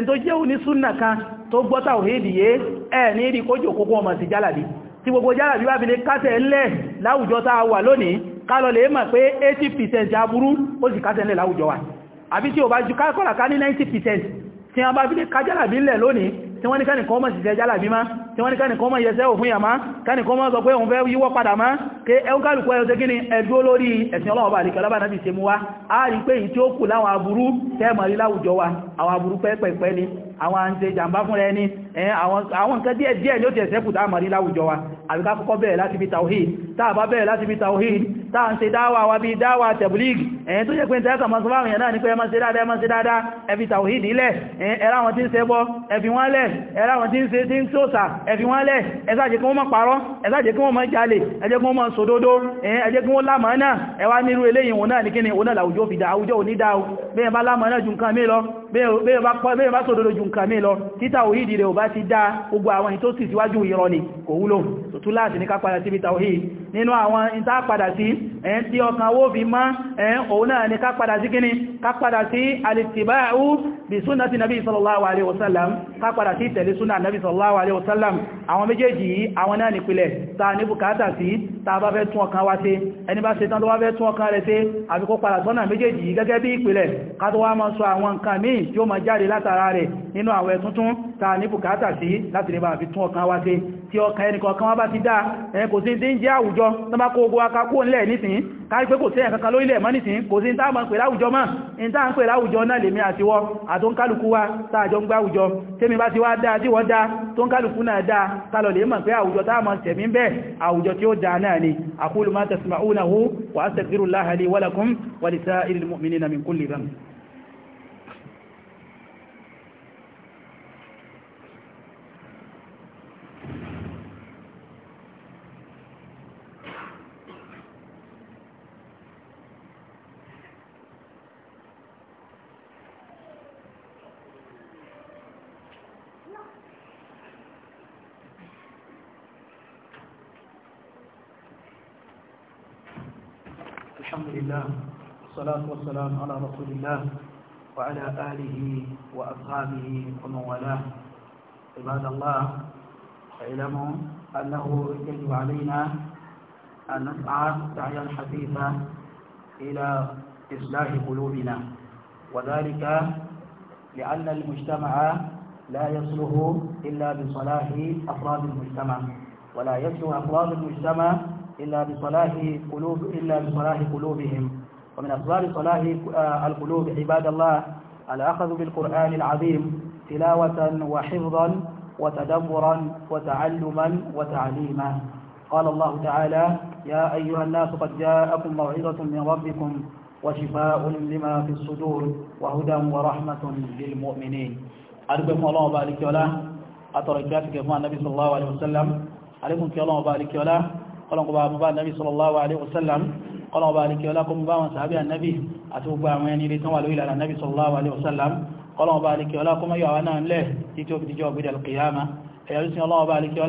tó jẹ́ onísúnnà kan tó gbọ́ tàwhídì yé ẹ̀ ní ìdí kójò kókó ọmọ sí jálàbí tí gbogbo jálàbí bá fi lè kásẹ̀ ńlẹ̀ láwùjọ tá wà lónìí kálọ̀ lè mọ̀ pé 80% aburú ó sì kásẹ̀ ńlẹ̀ láwùjọ wa àbí tí ò bá ju kọ́lá ká ní 90% tí wọ́n bá fi lè ká jálàbí ńlẹ̀ lónìí tí wọ́n ní kánìkan ọmọ ìsìsẹ́ jálàbí má tí wọ́n ní kánìkan ọmọ ìyẹsẹ́ òfin yàmá kánìkan ọmọ sọ pé òun fẹ́ yíwọ́ padà a rí pé ìtí ó kù láwọn aburú tẹ́ẹ̀mọ̀rí láwùjọ wa àwọn àwọn àǹtẹ ìjàmbá fúnra ẹni àwọn nǹkan díẹ̀ díẹ̀ ni ó ti ẹ̀sẹ́kù tá àmàrí láwùjọ wa àbí ká kọ́kọ́ bẹ̀rẹ̀ láti fi tàwíìd táà bá bẹ̀rẹ̀ láti fi tàwíìd táà ń ṣe dáwà wa bí dáwà tẹ̀bùlíìgì ẹ̀yìn tó jẹ́ pé tẹ́ẹ̀kà máa sọ́wọ́ àwọn náà ní pé ẹ máa ṣe dáadáa ẹ máa ṣe dáadáa ẹ fi tàwíìd ilẹ̀ ẹ̀rá wọn tí ń ṣẹbọ ẹ fi wọ́n lẹ̀ ẹ̀rá wọn tí ń ṣe tí ń ṣòṣà ẹ fi wọ́n lẹ̀ ẹ ṣá jẹ́ kí wọ́n má parọ́ ẹ ṣá jẹ́ kí wọ́n má jalè ẹ jẹ́ kí wọ́n bẹ́ẹ̀ bá lámàánà ju nǹkan mi lọ títà òhìdì rẹ̀ ò bá ti dá gbogbo àwọn ìtòsí síwájú ìrọ̀ ni kò wúlò tó túláàsì ní ká padà síbi tàwíì nínú àwọn ìta padà sí ẹ̀yìn tí ọkàn owó fi má ẹ̀yìn òun náà ni ká padà sí kíni ká padà sí alìtìbáàú bí súnà ti nàbí sallallahu alaihi wasallam ká padà sí tẹ̀lé súnà nàbí sallallahu alaihi wasallam àwọn méjèèjì yìí àwọn náà nìpìlẹ̀ ta ní bùkátà sí ta bá fẹ́ tún ọkàn wa ṣe ẹni bá ṣe tán tó wá fẹ́ tún ọkàn rẹ̀ ṣe àfi kó padà sọ́nà méjèèjì yìí gẹ́gẹ́ bí ìpìlẹ̀ ká tó wá máa sọ àwọn nǹkan míì tí ó máa jáde látara rẹ̀ nínú àwẹ̀ tuntun ta ní bùkátà sí láti lè bá fi tún ọkàn wa wá bá ti dá ẹni kò sí ti ń jẹ́ àwùjọ láwùjọ tọba kó ogun aka kó nílẹ̀ nísìn kárí pé kò sí ẹ̀kankan lórílẹ̀ mọ́ nísìn kò sí ní táàmà ń pè láwùjọ mọ́ ní táà ń pè láwùjọ náà lèmi àtiwọ́ àtónkálukú wa tààjọ ń gbáwùjọ tẹ́mi bá ti wá dáa tí wọ́n dáa tó ń kálukú náà dáa والصلاة والسلام على رسول الله وعلى آله وأصحابه ومن والاه عباد الله اعلموا أنه يجب علينا أن نسعى سعيا حثيثا إلى إصلاح قلوبنا وذلك لأن المجتمع لا يصلح إلا بصلاح أفراد المجتمع ولا يصلح أفراد المجتمع إلا بصلاح قلوب إلا بصلاح قلوبهم ومن أسباب صلاح القلوب عباد الله الأخذ بالقرآن العظيم تلاوة وحفظا وتدبرا وتعلما وتعليما قال الله تعالى يا أيها الناس قد جاءكم موعظة من ربكم وشفاء لما في الصدور وهدى ورحمة للمؤمنين أرجوكم الله وبارك ولا ذلك يا النبي صلى الله عليه وسلم عليكم كي الله وبارك ولا قال النبي صلى الله عليه وسلم kọ́lọ̀ọ̀bá alikẹ́ ọlákọ́mù bá wọn sàábí ànábì àti gbogbo àwọn ẹni ilé tán wà lórí ìlànà ànábì sallallahu alaihi wasallam kọ́lọ̀ọ̀bá alikẹ́ ọlákọ́mù yọ àwọn náà lẹ́ títí ó fi dijọ́ ọgbẹ́dẹ̀ alkiyama ẹ̀yọ́ sí ọlọ́ọ̀bá alikẹ́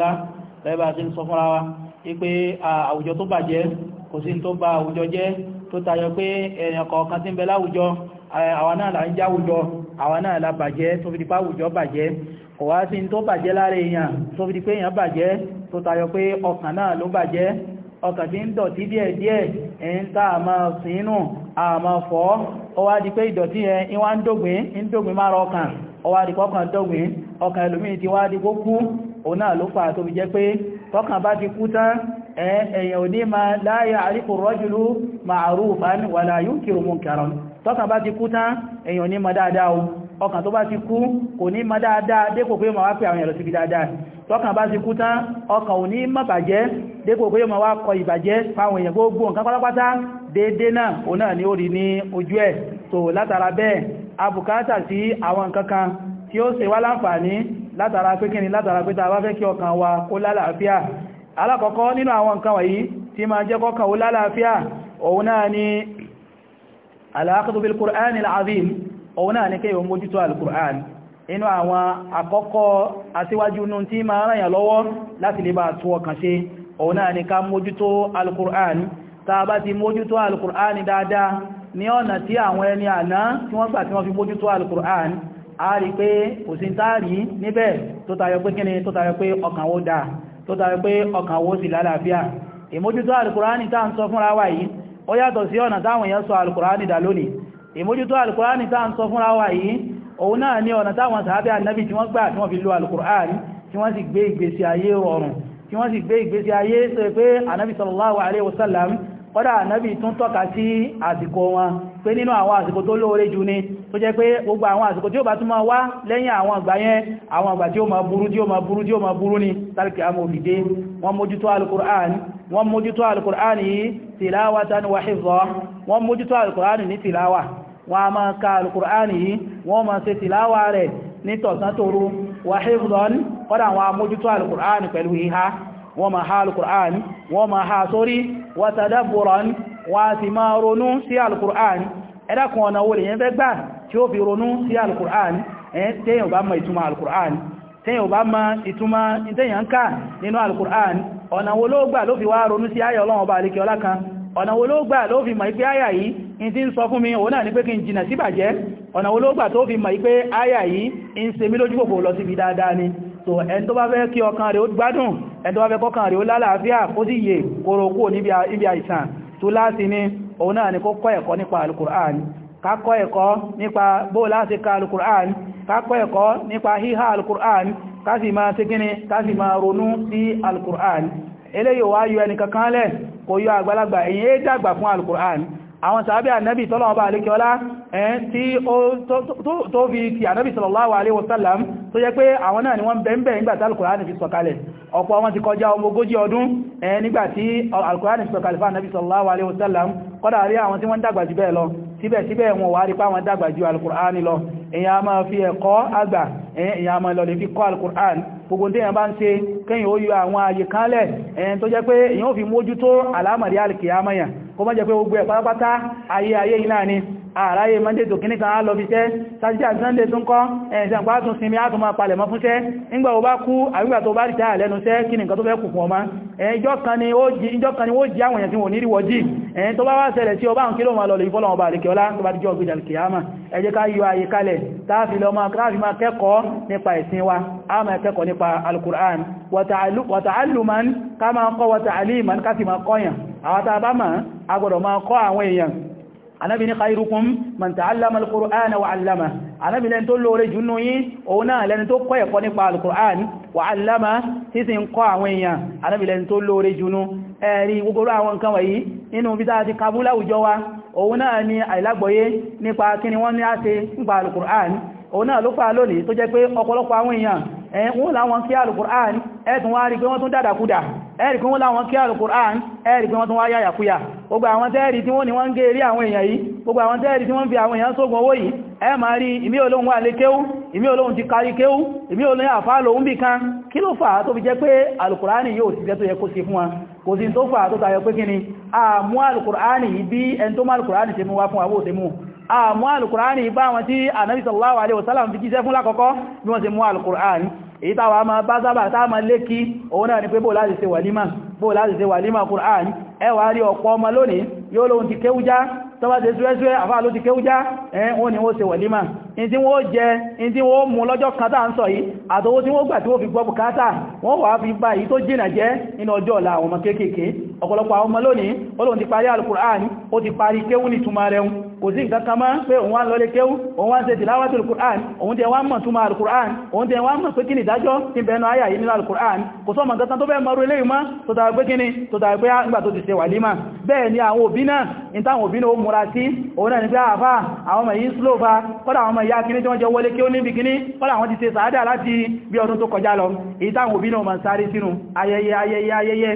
ọlá lẹ́bàá ọkàn tí ń dọ̀tí díẹ̀ díẹ̀ ẹ̀yìn tá a máa sínú a máa fọ́ ó wá di pé ìdọ̀tí ẹ̀ ìwá ń dògbìn ń dògbìn mára ọkàn ó wá di pọ́kàn dògbìn ọkàn ẹlòmíì ti wá di kó kú òun náà ló fà tó fi jẹ́ pé tọ́kàn bá ti kú tán ẹ̀yàn ò ní ma la ya'rifu rajulu ma'rufan wala yunkiru munkaran tọ́kàn bá ti kú tán èèyàn ní ma dáadáa o ọkàn tó bá ti kú kò ní ma dáadáa dépò pé ma wá pé àwọn èèyàn lọ síbi dáadáa tọ́kàn bá ti kú tán ọkàn ò ní mọ́bàjẹ́ dépò pé ma wá kọ ìbàjẹ́ fáwọn èèyàn gbogbo nǹkan pátápátá déédé náà òun náà ni ó rí ní ojú ẹ̀ tó látara bẹ́ẹ̀ abùkátà sí àwọn nǹkan kan tí ó ṣe wá láǹfààní látara pé kíni látara pé ta bá fẹ́ kí ọkàn wa kó lálàáfíà alákọ̀ọ́kọ́ nínú àwọn nǹkan wọ̀nyí tí ma jẹ́ kọ́kàn ó lálàáfíà òun náà ni al-akhdu bil ni kéèyàn mójútó al-Qur'an inú àwọn àkọ́kọ́ aṣíwájú inú tí ma ràn yàn lọ́wọ́ láti lè bá tún ọkàn ṣe òun náà ni ká mójútó alukur'an tá a bá ti mójútó alukur'an dáadáa ní ọ̀nà tí àwọn ẹni àná tí wọ́n gbà tí wọ́n fi mójútó alukur'an a rí pé kò sí táàrí níbẹ̀ tó tayọ pé kíni tó tayọ pé ọkàn wo dáa tó tayọ pé ọkàn wo sì lálàáfíà ìmójútó alukur'an tá ń sọ fúnra wa yìí ó yàtọ̀ sí ọ̀nà táwọn èèyàn sọ alukur'an dà lónìí ìmójútó alukur'an tá ń sọ fúnra wa yìí òun náà ni ọ̀nà táwọn sàábẹ́ annabi tí wọ́n gbà tí wọ́n fi lo al-Qur'an tí wọ́n sì gbé ìgbésí ayé rọrùn tí wọ́n sì gbé ìgbésí ayé sọ pé annabi sallallahu alaihi wasallam kọ́dá annabi tún tọ́ka sí àsìkò wọn pé nínú àwọn àsìkò tó lóore jù ni tó jẹ́ pé gbogbo àwọn àsìkò tí ó bá tún máa wá lẹ́yìn àwọn àgbà yẹn àwọn àgbà tí ó máa burú tí ó máa burú tí ó máa burú ni tàbí àmọ́ òfìdé wọ́n mójútó al wọ́n mójútó al yìí tìláwà tánúwà hifza wọ́n mójútó al ní tìláwà wọ́n a máa ka alkùránì yìí wọ́n máa ṣe tìláwà rẹ̀ ní tọ̀sán-tòru wà hifdhan kọ́dà wọn a mójútó alkùránì pẹ̀lú ìhá wọ́n máa ha alkùránì wọ́n máa ha sórí wa tadabburan wọ́n a máa ronú sí alkùránì ẹ̀dàkùn ọ̀nà wo ló gbà ló fi wá ronú sí ayọ̀ ọlọ́run ọba àríkẹ́ ọlá kan ọ̀nà wo ló gbà ló fi mọ̀ ipé àyà yìí in ti ń sọ fún mi òun náà ní pé kí n jìnà síbàjẹ́ ọ̀nà wo ló gbà tó fi mọ̀ ipé àyà yìí in ṣe mí lójú kòkòrò lọ síbi dáadáa ni so ẹni tó bá fẹ́ kí ọkàn rẹ̀ ó gbádùn ẹni tó bá fẹ́ kọ́kàn rẹ̀ ó lálàáfíà kó sì yè kóró níbi ni kó kọ́ ka alukur'an ká kọ́ ẹ̀kọ́ nípa híhá alukur'an ká sì máa ṣe kíni ká sì máa ronú sí alukur'an eléyìí wá yọ ẹni kankan lẹ̀ kò yọ àgbàlagbà èyí é dàgbà fún alukur'an àwọn sàábí ànábì tọ́lọ̀ọba àlékẹ́ọlá ẹn tí tó fi ti ànábì sallallahu alaihi wasallam tó jẹ́ pé àwọn náà ni wọ́n bẹ̀m̀bẹ̀ nígbàtí alkùránì fi sọ̀kalẹ̀ ọ̀pọ̀ wọn ti kọjá ọmọ ogójì ọdún ẹn nígbàtí alkùránì fi sọ̀kalẹ̀ fún ànábì sallallahu alaihi wasallam kọ́dà rí àwọn tí wọ́n dàgbà jù bẹ́ẹ̀ lọ síbẹ̀síbẹ̀ wọn wà rí pá èyàn a máa fi ẹ̀kọ́ àgbà èyàn máa lọ lè fi kọ́ al-Qur'an gbogbo tí èyàn bá ń ṣe kíyàn ó yọ àwọn ààyè kanlẹ̀ èyàn tó jẹ́ pé èyàn ó fi mójútó àlámàrí al-Qiyamah kó má jẹ́ pé gbogbo ẹ̀ pátápátá ayé ayé iná ni àráyé monday tó kíní kan á lọ fi tẹ́ saturday àti sunday tó ń kọ́ ẹ̀ẹ̀sẹ̀ àpá tún sinmi á tún máa palẹ̀ mọ́ fúnṣẹ́ nígbà ó bá kú àrígbà tó bá rìtà lẹ́nu kí ni tó fẹ́ kùkùn ọmọ ìjọ́ kan ni ó jí àwọn èèyàn tí wọ́n níríwọ̀ jì tó bá wá ṣẹlẹ̀ táàfi lọ máa kíráàfi máa kẹ́kọ̀ọ́ nípa ìsìn wa a máa kẹ́kọ̀ọ́ nípa al-Qur'an wàtàálùmán ká máa kọ́ wàtàálìmán ká sì máa kọ́yàn àwọn tàbá máa agbọ́dọ̀ máa kọ́ àwọn èèyàn anábi ní khairukum man ta'allama al-Qur'ana wa 'allama anábi lẹ́ni tó lóore jù nú yín òun náà lẹ́ni tó kọ́ ẹ̀kọ́ nípa al-Qur'an wa 'allama títí ń kọ́ àwọn èèyàn anábi lẹ́ni tó lóore jù nú ẹ̀rí gbogbo àwọn nǹkan wọ̀nyí nínú bí dáa ti kabú láwùjọ wa òun náà ni àìlágbọ̀yé nípa kí ni wọ́n ní á òun náà ló fà lónìí tó jẹ́ pé ọ̀pọ̀lọpọ̀ àwọn èèyàn ẹ̀yìn wọ́n láwọn kí alùkùrán ẹ̀tùn wá rí pé wọ́n tún dàdàkúdà ẹ̀rì pé wọ́n láwọn kí alùkùrán ẹ̀rì pé wọ́n tún wá yáyàkúyà gbogbo àwọn tẹ́ẹ̀rì tí wọ́n ni wọ́n ń gé rí àwọn èèyàn yìí gbogbo àwọn tẹ́ẹ̀rì tí wọ́n fi àwọn èèyàn sógun owó yìí ẹ ma rí ìmí olóhun wà lé kéwú ìmí olóhun a mú alùkùránì yìí bí ẹni tó mú alùkùránì ṣe àmú alùkùránì bá wọn tí ànábì sallallahu alaihi wasallam fi jíṣẹ́ fún lákọ́kọ́ bí wọ́n ṣe mú alùkùránì èyí tàwà ma bá sábà sáàmà lékí òun náà ni pé bóò láti ṣe wàlímà bóò láti ṣe wàlímà kùránì ẹwà rí ọ̀pọ̀ ọmọ lónìí yóò lóhun ti kéújá in tí wọ́n jẹ in tí wọ́n mú lọ́jọ́ kan tá ń sọ yìí àtọwó tí wọ́n gbà tí wọ́n fi gbọ́ bùkátà wọ́n wà fi bá èyí tó jìnà jẹ́ nínú ọjọ́ ọ̀la ọmọ kéékèèké ọ̀pọ̀lọpọ̀ ọmọ lónìí olóhun ti parí alukur'ani ó ti kéwú ní túnmà ni ìdájọ́ ti bẹnu ayà yìí nínú alukur'an kò sọ mọ̀ nǹkan tó bẹ́ẹ̀ mọ̀rú ni tó tàbí pé nígbà tó ti ṣe wà límà bẹ́ẹ̀ ni àwọn òbí náà ní táwọn òbí náà ó múra sí òun náà ní pé àfà àwọn ọmọ ìyá kíní tí wọ́n jẹ wọlé kí ó níbi kíní wọ́n àwọn ti ṣe sàádà láti bí ọdún tó kọjá lọ èyí táwọn òbí náà ma ń sáré sínú ayẹyẹ ayẹyẹ ayẹyẹ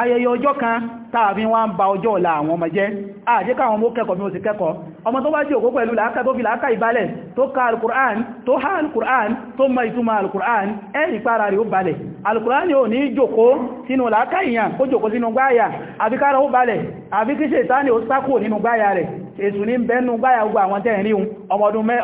ayẹyẹ ọjọ́ kan tàbí wọ́n ń ba ọjọ́ ọ̀la àwọn ọmọ jẹ́ àjẹ́ káwọn ọmọ kẹ́kọ̀ọ́ bí mo sì kẹ́kọ̀ọ́ ọmọ tó bá jẹ́ òkú pẹ̀lú làákà tó fi làákà ìbalẹ̀ tó ka alukur'an tó há alukur'an tó mọ ìtumọ̀ alukur'an ẹ̀yìn para rẹ̀ ó balẹ̀ alukur'an yóò ní jòkó sínú làákà ìyàn kó jòkó sínú gbáyà àbíkára ó balẹ̀ àbíkíṣẹ́ ìtàní ó sákò nínú gbáyà rẹ̀ èsù ní bẹ́nu gbáyà gbogbo àwọn tẹ́ẹ̀rí ọmọdún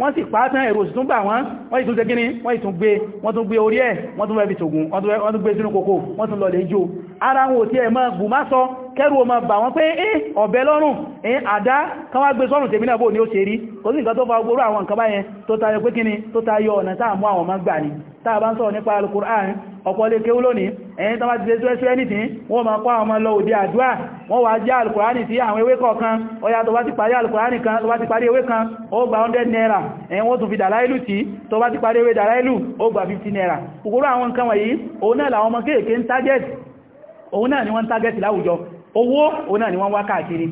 wọ́n sì pàátán ẹ̀rọ òsìtún bà wọ́n wọ́n ìtún tẹ́gíní wọ́n ìtún gbé wọ́n tún gbé orí ẹ̀ wọ́n tún rẹ̀ fi tògùn wọ́n tún gbé sínú kòkó wọ́n tún lọ lè jò ara wọn ò tí ẹ̀ mọ́ bùmásọ kẹrù ọmọ bà wọ́n pé ẹ́ ọ̀bẹ lọ́rùn ẹ̀yìn àdá kan wá gbé sọ́rùn tèmi náà bò ní ó ṣe rí kò sí nǹkan tó fa gbóró àwọn nǹkan báyẹn tó tayọ pé kíni tó tayọ ọ̀nà táàmú àwọn ọmọ gbà ni táà bá ń sọ̀rọ̀ nípa alukur'an ọ̀pọ̀ lè kéwú lónìí ẹ̀yìn tán bá ti lè tó ẹ́sù ẹnìtì wọ́n ma kọ́ àwọn ọmọ lọ òdí àdúà wọ́n wá já alukur'ani tí àwọn ewé kọ̀ọ̀kan ọya tó bá ti parí alukur'ani kan tó bá ti parí ewé kan ó gba 100 naira ẹ̀yìn wọ́n tún fi dàláìlù tí tó bá ti parí ewé dàláìlù ó gba 50 naira kòkòrò àwọn nǹkan wọ̀nyí òun náà làwọn ọmọ kéèké ń target òun náà ni wọ́n target láwùjọ owó òun náà ni wọ́n wá káàkiri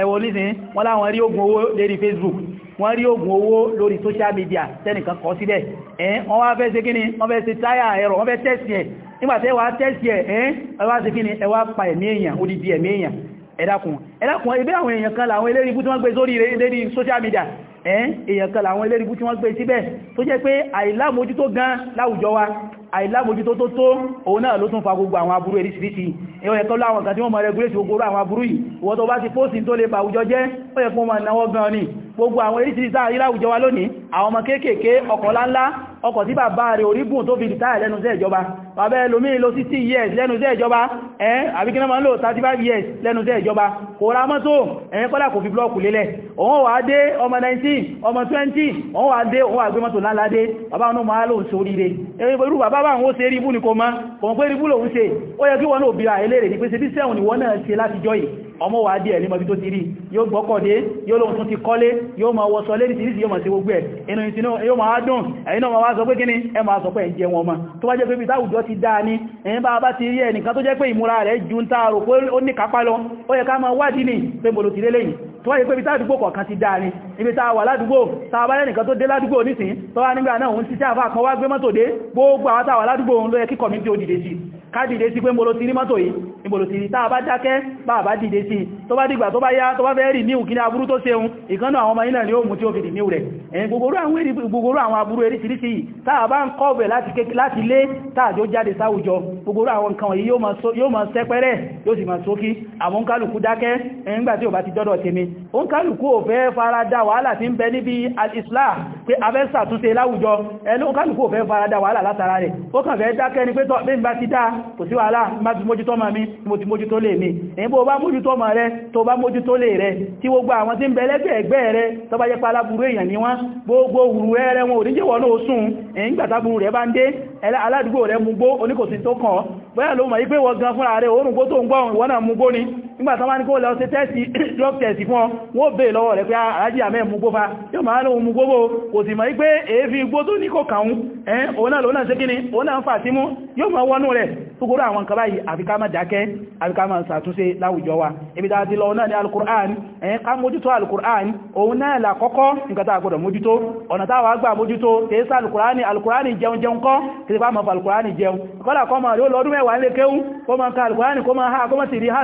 ẹ̀wọ̀n nísìn wọ́n láwọn rí ogun owó lérí Facebook wọ́n rí oògùn owó lórí social media tẹ́nìkan kọ sílẹ̀ ẹ̀ wọ́n wá fẹ́ ṣe kíni wọ́n fẹ́ ṣe táyà ẹ̀rọ wọ́n fẹ́ tẹ́sì ẹ̀ nígbàtẹ́ wà tẹ́sì ẹ̀ ẹ̀ wá ṣe kíni ẹ wá pa ẹ̀mí èèyàn odidi ẹ̀mí èèyàn ẹ̀dàkùn ẹ̀dàkùn ẹgbẹ́ àwọn èèyàn kan làwọn eléri bú tí wọ́n gbé sórí lérí social media ẹ̀ẹ́n èèyàn kan làwọn eléri bú tí wọ́n gbé síbẹ̀ tó jẹ́ pé àìlámójútó gan láwùjọ wa àìlámójútó tó tó òun náà ló tún fa gbogbo àwọn aburú eríṣiríṣi ẹ̀yọ ẹ̀kọ́ láwọn kan tí wọ́n mọ̀ rẹ̀gúrẹ́sì gbogbo àwọn aburú yìí wọ́n tó bá ti pósìn tó lè bàwùjọ jẹ́ ó yẹ kó mọ̀ náwọ́ gan ni gbogbo àwọn eréṣìí sáà rí láwùjọ wa lónìí àwọn ọmọ kéékèèké ọkọ̀ láńlá ọkọ̀ tí bàbá rẹ̀ orígùn tó fi rìtáyà lẹ́nu iṣẹ́ ìjọba bàbá ẹlòmí ló 60 years lẹ́nu iṣẹ́ ìjọba ẹ́n àbíkínà máa ń lò 35 years lẹ́nu iṣẹ́ ìjọba kò ra mọ́tò ẹ̀yìn kọ́lá kò fi blọ́ọ̀kù lélẹ̀ òun wà dé ọmọ 19 ọmọ 20 òun wà dé òun àgbé mọ́tò láládé bàbá wọn máa lò ń ṣe oríire irú bàbá wọn ó ṣe rí ibú ni kò mọ́ kò ń pé rí lòun ṣe ó yẹ kí wọn náà bíra elérè ní pé ṣe bí sẹ́wọ̀n ni wọ́n náà ṣe láti jọ yìí ọmọ wà dé ẹ̀ ní mọ́bí tó ti rí yóò gbọ́kọ̀dé yóò lóun tún ti kọ́lé yóò máa wọ́sọ lérí sí ìsì yóò máa ṣe gbogbo ẹ̀ inú ìsì yóò máa dùn ẹ̀yìn náà wá sọ pé kíní ẹ máa sọ pé ẹ̀ jẹ wọn ma tó wá jẹ́ pé bíta àwùjọ ti dáa ní ẹ̀yìn bá bá ti rí ẹnìkan tó jẹ́ pé ìmúra rẹ̀ ju ń tààrò pé ó ní kápá lọ ó yẹ ká máa wádìí ní pé bolo ti lélẹ́yìn tó wáyé pé ibi tàdúgbò kọ̀ọ̀kan ti dáa ni ibi tàà wà ládùúgbò tàbá ẹnìkan tó dé ládùúgbò nísìn tó wá nígbà náà òun ti tí àfà kan wá gbé mọ́tò dé gbogbo àwọn tàà wà ládùúgbò òun ló yẹ kí kọ̀mí tí ó sí ká dìde sí pé mbolo ti rí mọ́tò yìí ìbòlò ti rí táa bá dákẹ́ bá bá dìde sí tó bá dìgbà tó bá yá tó bá fẹ́ rí níhù kí ní aburú tó seun ìkanú àwọn ọmọ iná ni ó mú tí ó fi dì níhù rẹ̀ ẹ̀yìn gbogbo àwọn aburú erí tìrísì yìí táa bá ń kọ́ọ̀bẹ̀ láti lé táàjó jáde sáwùjọ gbogbo àwọn nǹkan yìí yóò máa sẹ́pẹ́rẹ́ yóò sì máa sókí àwọn kálukú dákẹ́ ẹ̀yìngbà tí ò bá ti dọ́dọ̀ tèmi ó ń kálukú ò fẹ́ fara da wàhálà tí ń ó kàn fẹ́ dákẹ́ ni pé tọ́ bí n bá ti dáa kò sí wàhálà má ti mójútó ma mi mo ti mójútó lè mi èyí bá mójútó ma rẹ tó bá mójútó lè rẹ tí gbogbo àwọn tí ń bẹ lẹ́gbẹ̀ẹ́gbẹ́ rẹ tó bá jẹ́ pálábùrú èèyàn ni wọ́n gbogbo òwúrú rẹ wọn ò ní jẹ́ náà sùn èyí gbàtàbùrú rẹ bá ń dé aládùúgbò rẹ mú gbó oníkòsí tó kàn bóyá ló mọ̀ yí pé wọ́n gan fúnra rẹ òórùn gbó tó ń gbọ́ ìwọ́n náà mú gbó ni nígbàtí wọ́n ní kó lọ sí tẹ́sì drug test fún ọ wọ́n bèè lọ́wọ́ rẹ̀ pé àrájì àmẹ́ mú gbófà yóò máa lóhun mú gbóbò kò sì mọ̀ wípé èéfin igbó tó ní kò kàún ẹ́ òun náà lónà sékíní òun náà ń fà símú yóò máa wọnú ni alukur'an ẹ̀yìn ká mójútó alukur'an òun náà là kọ́kọ́ nǹkan tàà gbọdọ̀ mójútó ọ̀nà táwà gbà mójútó kèésà alukur'ani alukur'ani jẹun jẹun kọ́ kìí bá máa fa alukur'ani jẹun kọ́lá kọ́ ha kó máa ha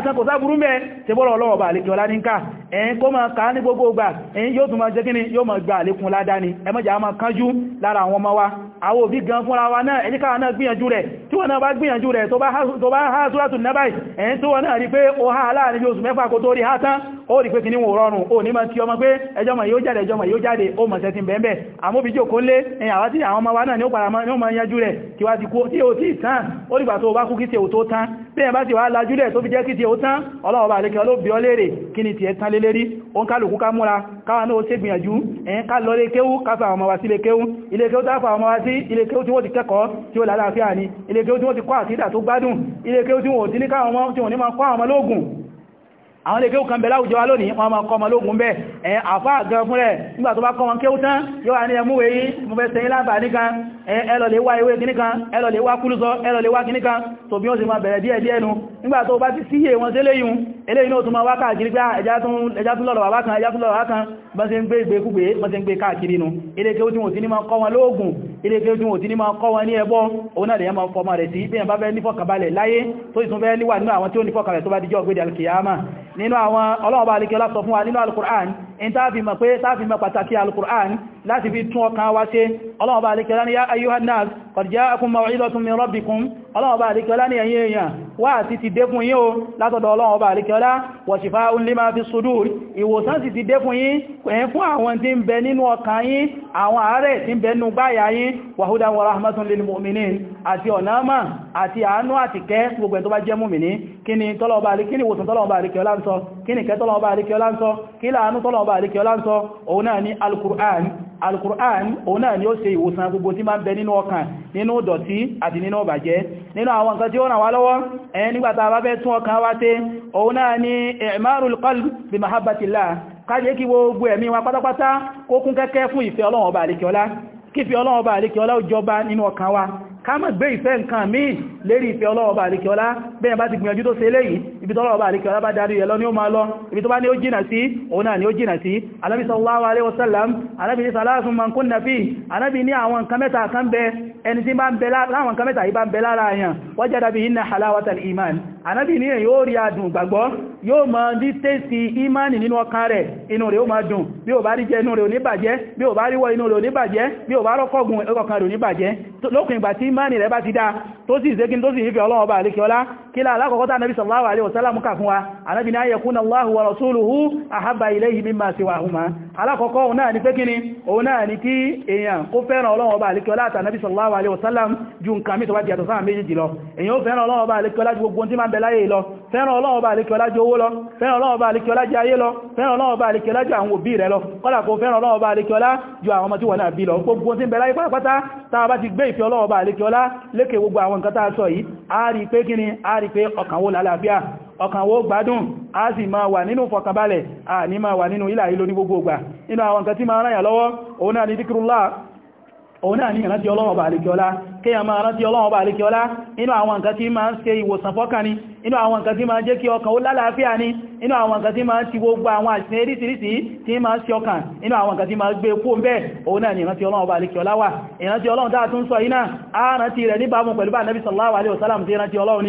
sán kò sáburú bẹ́ tẹbọ́rọ̀ ọlọ́wọ̀ bá àlejò ọlá ní ká ẹ̀yìn kó máa ká ní gbogbo ìgbà ẹ̀yìn yóò tún máa jẹ́ kíní yóò máa gba àlékún ládáni ẹmọ́jà máa kánjú lára àwọn ọmọ wa àwọn òbí gan fúnra wa náà ẹ̀jẹ́ káwa náà gbìyànjú rẹ̀ tí wọ́n náà bá gbìyànjú rẹ̀ tó bá há súrátù nábàì ẹ̀yìn tó wọ́n náà rí pé ó há láàrin bí oṣù mẹ́fà kó tó rí há tán ó rí pé kí ní wọ́n rọrùn ó ní máa tí ọmọ pé ẹjọ́ mọ̀ yóò jáde ẹjọ́ mọ̀ yóò jáde ó mọ̀ sẹ́tí bẹ̀ẹ̀bẹ̀ àmóbi jókòó lé ẹ̀yìn àwátí àwọn ọmọ wa náà ni ó padà ní ó máa yanjú rẹ̀ kí wá ti kú tí ó tí ì tán ó rí gbà bẹ́ẹ̀ bá ti wá lajúlẹ̀ tó fi jẹ́ kí ti ó tán ọlọ́ọ̀bá àríkẹ́ olóbi ọlẹ́rẹ̀ kí ni ti ẹ̀ tán lé lérí òun kálùkú ká múra káwọn náà ó ṣe gbìyànjú ẹ̀yìn ká lọ lé kéwú káfà ọmọ wa sí ilé kéwú ilé kéwú táfà ọmọ wa sí ilé kéwú tí wọ́n ti kẹ́kọ̀ọ́ tí ó lálàáfíà ni ilé kéwú tí wọ́n ti kọ́ àtìdà tó gbádùn ilé kéwú tí wọ́n ti ní káwọn ọmọ tí wọ́n ní máa kọ́ àwọn ọmọ lóògùn àwọn ilé kéwù kan bẹ̀lá òjò wa lónìí wọn ma kọ́ ọmọ lóògùn bẹ́ ẹ̀ àfáà gan fún rẹ̀ nígbà tó bá kọ́ wọn kéwù tán yóò wà ní ẹmúwẹ̀ yìí mo fẹ́ sẹ́yìn lábàá nìkan ẹlọ̀lẹ̀ wá ewé kìníkan ẹlọ̀lẹ̀ wá kúrúsọ ẹlọ̀lẹ̀ wá kìníkan tó bí wọ́n sì máa bẹ̀rẹ̀ díẹ̀ díẹ̀ nu nígbà tó bá ti síyè wọn sí léyìn eléyìn náà tó máa wá káàkiri pé ah, ẹjá tún lọ́rọ̀ bàbá kan ẹjá tún lọ́rọ̀ bàbá kan bọ́n ṣe ń gbé ìgbékúgbé bọ́n ṣe ń gbé káàkiri nu ilé kí ó tí wọ́n ti ní máa kọ́ wọn lóògùn ilé kí ó tí wọ́n ti ní máa kọ́ wọn ní ẹbọ òun náà lè máa fọmọ rẹ̀ sí bí ẹ̀bá fẹ́ nífọ̀kàbalẹ̀ láyé tó sì tún fẹ́ níwà nínú àwọn tí ó nífọ̀kàbalẹ̀ tó bá dijọ́ gbédé alkiyama nínú àwọn ọlọ́ọ̀bá alikẹ́ lásọ fún wa nínú alukur'an in táàfi mọ̀ pé táàfi mọ̀ pàtàkì alukur'an láti fi tún ọkàn wa ṣe ọlọ́ọ̀bá alikẹ́ lá أيها الناس قد جاءكم موعظة من ربكم الله بارك لنا يا wáàsí ti dé fún yín o látọ̀dọ̀ ọlọ́run ọba àríkẹ́ọlá wọ̀ṣìfà olímà fi sùdúr ìwòsàn sì ti dé fún yín pẹ̀yìn fún àwọn tí ń bẹ nínú ọkàn yín àwọn ààrẹ tí ń bẹ nínú gbáyà yín wàhúdà wa rahmatun lil mu'minin àti ọ̀nàmà àti àánú àti kẹ́ gbogbo ẹ̀tọ́ bá jẹ́ múmìní kí ni tọ́lọ̀ọba àríkẹ́ ni ìwòsàn tọ́lọ̀ọba àríkẹ́ọlá ń sọ kí ni kẹ́ tọ́lọ̀ọba àríkẹ́ọlá ń sọ kí láàánú tọ́lọ̀ọba àríkẹ́ọlá ń sọ òun náà ni al-Qur'an al-Qur'an òun náà ni ó ṣe ìwòsàn gbogbo tí máa ń bẹ nínú ọkàn nínú ìdọ̀tí àti nínú ọ̀bàjẹ́ nínú àwọn nǹkan tí ó ràn wá lọ́wọ́ ẹ̀yẹn nígbàtà bá fẹ́ tún ọkàn wá tẹ́ òun náà ni i'marul qalb bi mahabbatillah kájẹ́ kí gbogbo ẹ̀mí wa pátápátá kó kún kẹ́kẹ́ fún ìfẹ́ Ọlọ́run ọba àríkẹ́ọlá kí ìfẹ́ Ọlọ́run ọba àríkẹ́ọlá ó ká má gbé ìfẹ́ nǹkan míì lérí ìfẹ́ ọlọ́ọ̀bà àríkẹ́ọlá bẹ́yẹn bá ti gbìyànjú tó ṣe léyìí ibi tọ́lọ́ọ̀bà àríkẹ́ọlá bá darí ẹ̀ lọ ní ó máa lọ ibi tó bá ní ó jìnà sí òun náà ni ó jìnà sí anábi sallallahu alaihi wasallam anábi ní salasun man kunna fi anábi ní àwọn nǹkan mẹ́ta kan anábì ní èyí ó rí adùn gbàgbọ́ yóò máa ní tẹ́sì ìmáànì nínú ọkàn rẹ̀ inú rẹ̀ ó máa dùn bí ó bá rí jẹ inú rẹ̀ ò ní bàjẹ́ bí ó bá rí wọ inú rẹ̀ ò ní bàjẹ́ bí ó bá rọ́kọ̀gùn ọkàn rẹ̀ ò ní bàjẹ́ lókùn ìgbà tí ìmáànì rẹ̀ bá ti dá tó sì ìṣẹ́kí tó sì ìfẹ́ ọlọ́run ọba àríkíọlá kí lá alákọ̀ọ́kọ́ tá anábì sallallahu alaihi wasallam kà fún wa anábì ní ayẹkún Allahu wa ni tó bá di bẹ láyé lọ fẹ́ràn Ọlọ́run bá àlékẹ́ ọlájẹ́ owó lọ fẹ́ràn Ọlọ́run bá àlékẹ́ ọlájẹ́ ayé lọ fẹ́ràn Ọlọ́run bá àlékẹ́ ọlájẹ́ àwọn òbí rẹ lọ kọ́lá kó fẹ́ràn Ọlọ́run bá àlékẹ́ ọlá ju àwọn ọmọ tí wọ́n náà bí lọ gbogbo tí ń bẹ láyé pátápátá táa bá ti gbé ìfẹ́ Ọlọ́run bá àlékẹ́ ọlá lékè gbogbo àwọn nǹkan táa sọ yìí a rí pé kíni a rí pé ọkàn wo lálàáfíà ọkàn wo gbádùn a sì máa wà nínú fọkànbalẹ̀ a ní máa wà nínú ilà ìlò ní gbogbo ìgbà nínú àwọn nǹkan tí máa ráyà lọ́wọ́ òun náà ni díkìrúlá òun náà ní ìrántí ọlọ́wọ̀n bá àríkíọlá kí a máa rántí ọlọ́wọ̀n bá àríkíọlá inú àwọn nǹkan tí máa ń ṣe ìwòsàn fọ́kàn ni inú àwọn nǹkan tí máa jẹ́ kí ọkàn ó lálàáfíà ni inú àwọn nǹkan tí máa ń ti gbogbo àwọn àṣìṣe eríṣiríṣi tí máa ń ṣe ọkàn inú àwọn nǹkan tí máa gbé kó bẹ́ẹ̀ òun náà ní ìrántí ọlọ́wọ̀n bá àríkíọlá wà ìrántí ọlọ́run dáa tún sọ iná a rántí rẹ̀ níbàámu pẹ̀lú bá nẹ́bí sallallahu alaihi wasallam ti rántí ọlọ́run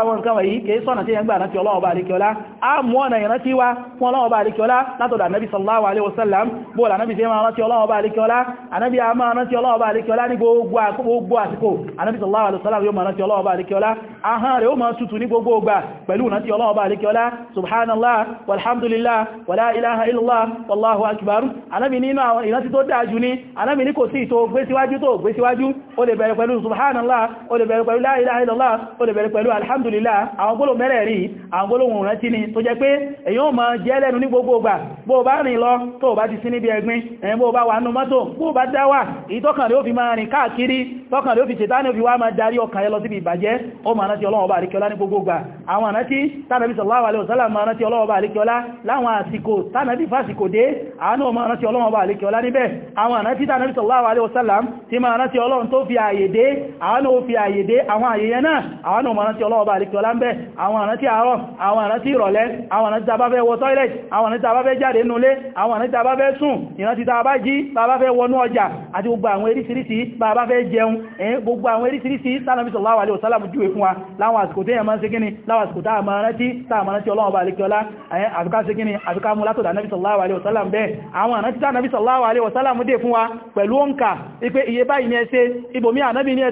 àwọn nǹkan wọ̀nyí kìí sọ́nà tí yẹn gbà rántí Ọlọ́run bá àríkíọlá a mú ọ̀nà ìrántí wa fún Ọlọ́run bá àríkíọlá látọ̀dọ̀ ànábì sallallahu alaihi wasallam bóòlù ànábì tí máa rántí Ọlọ́run bá àríkíọlá ànábì a máa rántí Ọlọ́run bá àríkíọlá ní gbogbo àsìkò ànábì sallallahu alaihi wasallam yóò máa rántí Ọlọ́run bá àríkíọlá ahọ́n rẹ̀ ó máa tutù ní gbogbo ìgbà pẹ̀lú rántí Ọlọ́run bá àríkíọlá subhanallah walhamdulillah wala ilaha illallah wallahu akbar ànábì nínú àwọn ìrántí tó dájú ní ànábì ní kò sí alhamdulillah àwọn gbólóhùn mẹ́rẹ̀ rí àwọn gbólóhùn rántí ni tó jẹ́ pé èyàn ma jẹ́ lẹ́nu ní gbogbo ọgbà bó bá rìn lọ tó bá ti sí níbi ẹgbin ẹ̀yìn bó bá wà nù mọ́tò bó bá dáwà èyí tọ́kàn rẹ̀ ó fi máa rìn káàkiri tọ́kàn rẹ̀ ó fi ṣètánì ó fi wá máa darí ọkàn rẹ̀ lọ síbi ìbàjẹ́ ó máa rántí ọlọ́wọ́ bá àríkẹ́ọlá ní gbogbo ọgbà àwọn àrántí tánàbí sallallahu alaihi wasallam máa rántí ọlọ́wọ́ bá àríkẹ́ọlá láwọn àsìkò tánàbí fásìkò dé àánú máa rántí ọlọ́wọ́ bá àríkẹ́ọlá níbẹ̀ àwọn àrántí tánàbí sallallahu alaihi wasallam ti máa rántí ọlọ́run tó fi àyè dé àánú fi àyè dé àwọn àyè yẹn náà àánú máa rántí ọlọ́wọ́ bá àríkọlá ń bẹ́ àwọn àrán tí àárọ̀ àwọn àrán tí ìrọ̀lẹ́ àwọn àrán tí a bá fẹ́ wọ toilet àwọn àrán tí a bá fẹ́ jáde nulé àwọn àrán tí a bá fẹ́ sùn ìrántí tí a bá jí bá bá fẹ́ wọnú ọjà àti gbogbo àwọn eríṣiríṣi bá bá fẹ́ jẹun ẹ̀yìn gbogbo àwọn eríṣiríṣi sálàmì sallallahu alaihi wasallam júwe fún wa láwọn àsìkò tí èèyàn máa ń ṣe kíni láwọn àsìkò tá a máa rántí tá a máa rántí ọlọ́run ọba ni ẹ ṣe ibòmí ànábì ni ẹ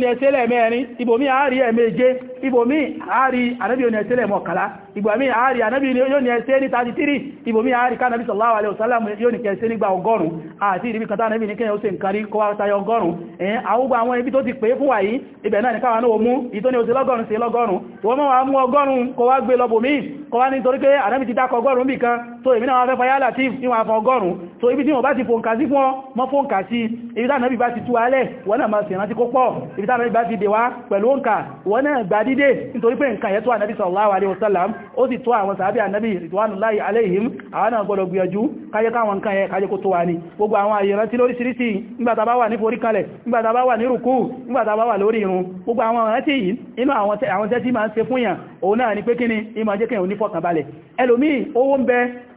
ni ẹ ṣe lẹ́ẹ̀mẹ́rin ibòmí àá àárí ẹ̀mẹ́je ibòmí àárí ànábì oní ẹ̀sẹ́lẹ̀ mọ̀kànlá ìgbàmí àárí ànábì yóò ní ẹ̀sẹ́ ní 33 ìbòmí àárí kánàbí sallallahu alaihi wasallam yóò ní kẹsẹ́ nígbà ọgọ́rùn àti ìrìbí kata ànábì ní kẹyàn ó ṣe nǹkarí kọwa tayọ ibi tó ti pè fún wàyí ibẹ̀ náà ní káwà náà mú ìtó ní ó ṣe lọ́gọ́rùn sí lọ́gọ́rùn wọ́n mọ́ wá mú ọgọ́rùn kó wá gbé lọ́bòmí kọwa nítorí pé ànábì ti dákọ̀ ọgọ́rùn bì kan tó èmi ibi tí wọn bá ti ibi tí ànábì bá ti tú alẹ́ wọn ibi tí ànábì bá ti pẹ̀lú òǹkà wọ́n náà gbà dídé nítorí pé nǹkan yẹn tó ànábì sallallahu alaihi wasallam ó sì tó àwọn sàábì ànábì ridwanullahi alaihim àwọn náà gbọ́dọ̀ gbìyànjú káyẹ káwọn nǹkan yẹn káyẹ kó tó wà ní gbogbo àwọn àyẹ̀rántí lóríṣiríṣi nígbàtà bá wà ní forí kalẹ̀ nígbàtà bá wà ní rùkú nígbàtà bá wà lórí irun gbogbo àwọn àrántí yìí inú àwọn tẹ́tí máa ń ṣe fún yàn òun náà ni pé kí ni ìmọ̀ jẹ́kẹ̀ẹ́ òní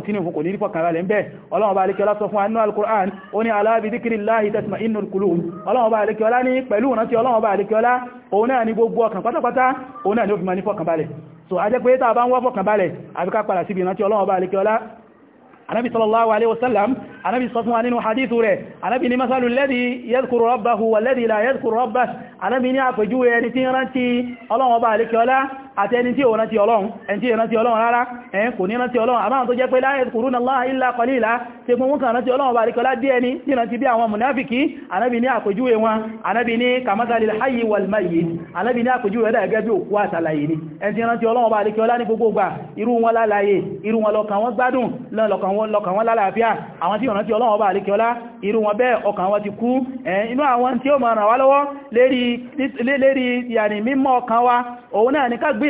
kọ̀ntínú fún kò ní rípọ̀ kan rálẹ̀ ń bẹ́ ọlọ́run bá alékẹ́ lásọ fún anú al-Qur'an ó ní ala bi dhikrillahi tatma'innul qulub ọlọ́run bá alékẹ́ ọlá ní pẹ̀lú ìrántí ọlọ́run bá alékẹ́ ọlá òun náà ní gbogbo ọkàn pátápátá òun náà ní ó fi ma ní fọ́kàn balẹ̀ so a jẹ́ pé tá a bá ń wá fọ́kàn balẹ̀ àbíká padà síbi ìrántí ọlọ́run bá alékẹ́ ọlá anabi sallallahu alaihi wasallam anabi sọ fún wa hadithu rẹ̀ anabi ni masalu alladhi yadhkuru rabbahu walladhi la yadhkuru rabbahu anabi ni àpèjúwe ẹni tí ń rántí ọlọ́run ọba àlékẹ́ àti ẹni tí ó rántí ọlọ́run ẹni tí ó rántí ọlọ́run rárá ẹ̀yìn kò ní rántí ọlọ́run àbáwọn tó jẹ́ pé la yadhkuruna Allaha illa qalila tí gbogbo kan rántí ọlọ́run bá ríkọlá díẹ̀ ní tí rántí bí àwọn mùnáfikì anábi ní àpèjúwe wọn anábi ní kamatalil hayyi wal mayyit anábi ní àpèjúwe rẹ̀ gẹ́gẹ́ bí òkú àtàlàyé ni ẹni tí rántí ọlọ́run bá ríkọlá ní gbogbo gbà irú wọn lálàyé irú wọn lọ́kàn wọn gbádùn lọ́kàn wọn lálàáfíà àwọn tí rántí ọlọ́run bá ríkọlá irú wọn bẹ́ẹ̀ ọkàn wọn ti kú inú àwọn tí ó máa ràn wá lọ́wọ́ lérí yàní mímọ́ ọkàn wa òun náà ní ká gbé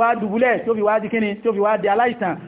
wá dùbúlẹ̀ tó fi wá di kíni tó fi wá di aláìsàn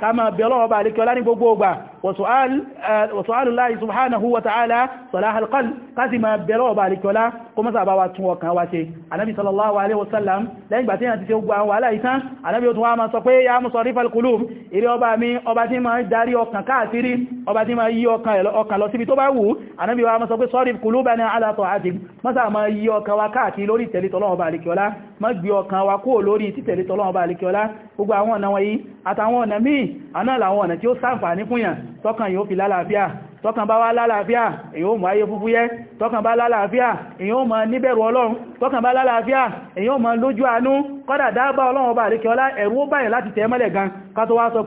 ká máa bẹ ọlọ́wọ́ bá àlékẹ́ ọlá ní gbogbo ògbà وسؤال وسؤال الله سبحانه وتعالى صلاح القلب قاسم بلو بارك ولا كما سبا واتوا كان واسي النبي صلى الله عليه وسلم لا يبا تي انت سيغبا ولا ايتان النبي تو ما سو pé ya musarif alqulub ire ọba mi ọba tí ma darí ọkàn káàkiri ọba tí ma yí ọkàn ọkàn lọ síbi tó bá wù Ànábì wa ma sọ pé sarif qulubana ala ta'atik ma sa ma yí ọkàn wa káàkiri lórí tẹ̀lé t'Ọlọ́run bá leke ọlá ma gbé ọkàn wa kúrò lórí ti tẹ̀lé t'Ọlọ́run bá leke ọlá gbogbo àwọn ọ̀nà wọ̀nyí àtàwọn ọ̀nà mi ana la àwọn ọ̀nà tí ó ṣàǹfààní fún yan tọ́kàn yóò fi lálàáfíà tọ́kàn bá wá lálàáfíà èyàn ó mọ̀ ayé fúfúyẹ́ tọ́kàn bá lálàáfíà èyàn ó mọ̀ níbẹ̀rù ọlọ́run tọ́kàn bá lálàáfíà èyàn ó mọ̀ lójú àánú kọ́dà dábá ọlọ́run ọba àríkẹ́ọlá ẹ̀rù ó báyẹ̀ láti tẹ́ mọ́lẹ̀ gan ká tó wá sọ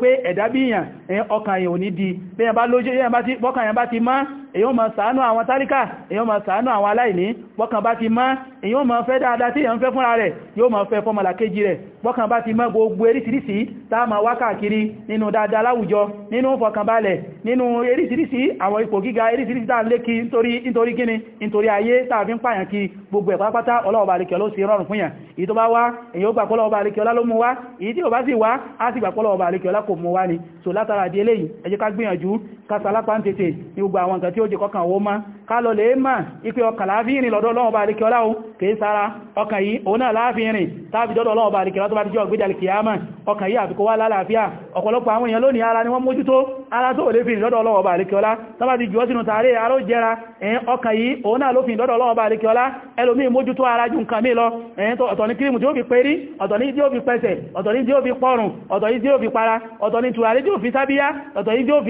di bí ẹ̀yàn bá lójú ẹ̀yàn bá ti èyàn máa ṣàánú àwọn tálíkà èyàn máa ṣàánú àwọn aláìní bọ́kàn bá ti mọ́ èyàn máa fẹ́ dáadáa tí èyàn fẹ́ fúnra rẹ̀ yóò máa fẹ́ fọ́mọ̀lá kejì rẹ̀ bọ́kàn bá ti mọ́ gbogbo eríṣiríṣi tá máa wá káàkiri nínú dáadáa láwùjọ nínú fọkànbalẹ̀ nínú eríṣiríṣi àwọn ipò gíga eríṣiríṣi tá ń lékí nítorí kíni nítorí ayé tá fi ń pààyàn kiri gbogbo ẹ̀ pátápátá ọlọ́ọ̀bà àríkẹ́ ló sì rọrùn fún yàn èyí tó bá wá èyí ó gbà pọ́lọ́ọ̀bà àríkẹ́ ọlá ló mú so látara di eléyìí ẹ jẹ́ ká kásàlápá ń tètè ní gbogbo àwọn nǹkan tí ó jẹ kọkàn owó má kálọ lè máa ipé ọkàn láàfin rìn lọ́dọ̀ Ọlọ́run bá àríkẹ́ ọláhun kìí sára ọkàn yìí òun náà láàfin rìn tàbí dọ́dọ̀ Ọlọ́run bá àríkẹ́ látọ́bá díjọ́ gbéjà kìyàmà ọkàn yìí àfikọ́ wá lálàáfíà ọ̀pọ̀lọpọ̀ àwọn èèyàn lónìí ara ni wọ́n mójútó ara tó lè fi rìn lọ́dọ̀ Ọlọ́run bá àríkẹ́ ọlá tọ́bá ti jù ọ́ sínú tààrí aró jẹra ẹ̀yìn ọkàn yìí òun náà ló fi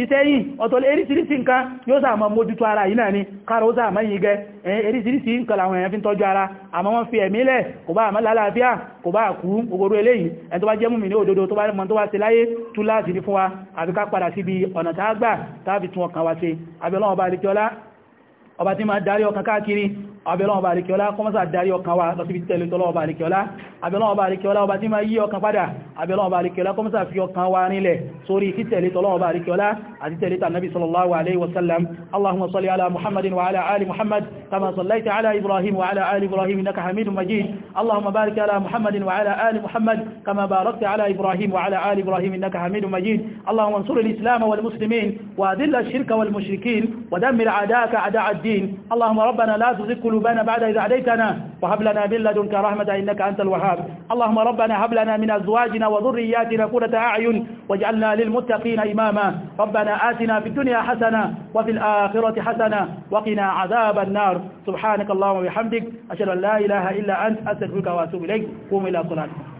lọ́dọ̀ ọ̀tọ̀ eríṣiríṣi nǹkan yóò sáà mọ́ mójútó ara yìí náà ni kára ó sáà mọ́ yìí gẹ́ eríṣiríṣi nǹkan làwọn èèyàn fi ń tọ́jú ara àmọ́ wọ́n fi ẹ̀mí kò bá àmọ́ lálàáfíà kò bá kú ogoro eléyìí wa àbí ká padà síbi ọ̀nà tá a gbà tá a fi tún ọkàn wa ṣe àbí ọlọ́run ọba abẹ́lọ́wọ́ bá alékiọlá kọmọ́sà darí ọkàn wa lọ síbi tẹ́lẹ̀ tọ́lọ́wọ́ bá alékiọlá abẹ́lọ́wọ́ bá alékiọlá ọba tí ma yí ọkàn padà abẹ́lọ́wọ́ bá alékiọlá kọmọ́sà fi ọkàn wa rinlẹ̀ sórí títẹ̀lẹ̀ tọ́lọ́wọ́ bá alékiọlá àti tẹ̀lẹ̀ nabi sallallahu allahumma salli ala muhammadin wa ala ali muhammad kama ibrahim wa ala ali ibrahim allahumma ala muhammadin wa ala ali muhammad kama ala ibrahim wa ala ali ibrahim al-islam wa wa din allahumma قلوبنا بعد إذا عديتنا وهب لنا من لدنك رحمة إنك أنت الوهاب اللهم ربنا هب لنا من أزواجنا وذرياتنا قرة أعين واجعلنا للمتقين إماما ربنا آتنا في الدنيا حسنة وفي الآخرة حسنة وقنا عذاب النار سبحانك اللهم وبحمدك أشهد أن لا إله إلا أنت أستغفرك وأتوب إليك قوم إلى صلاتك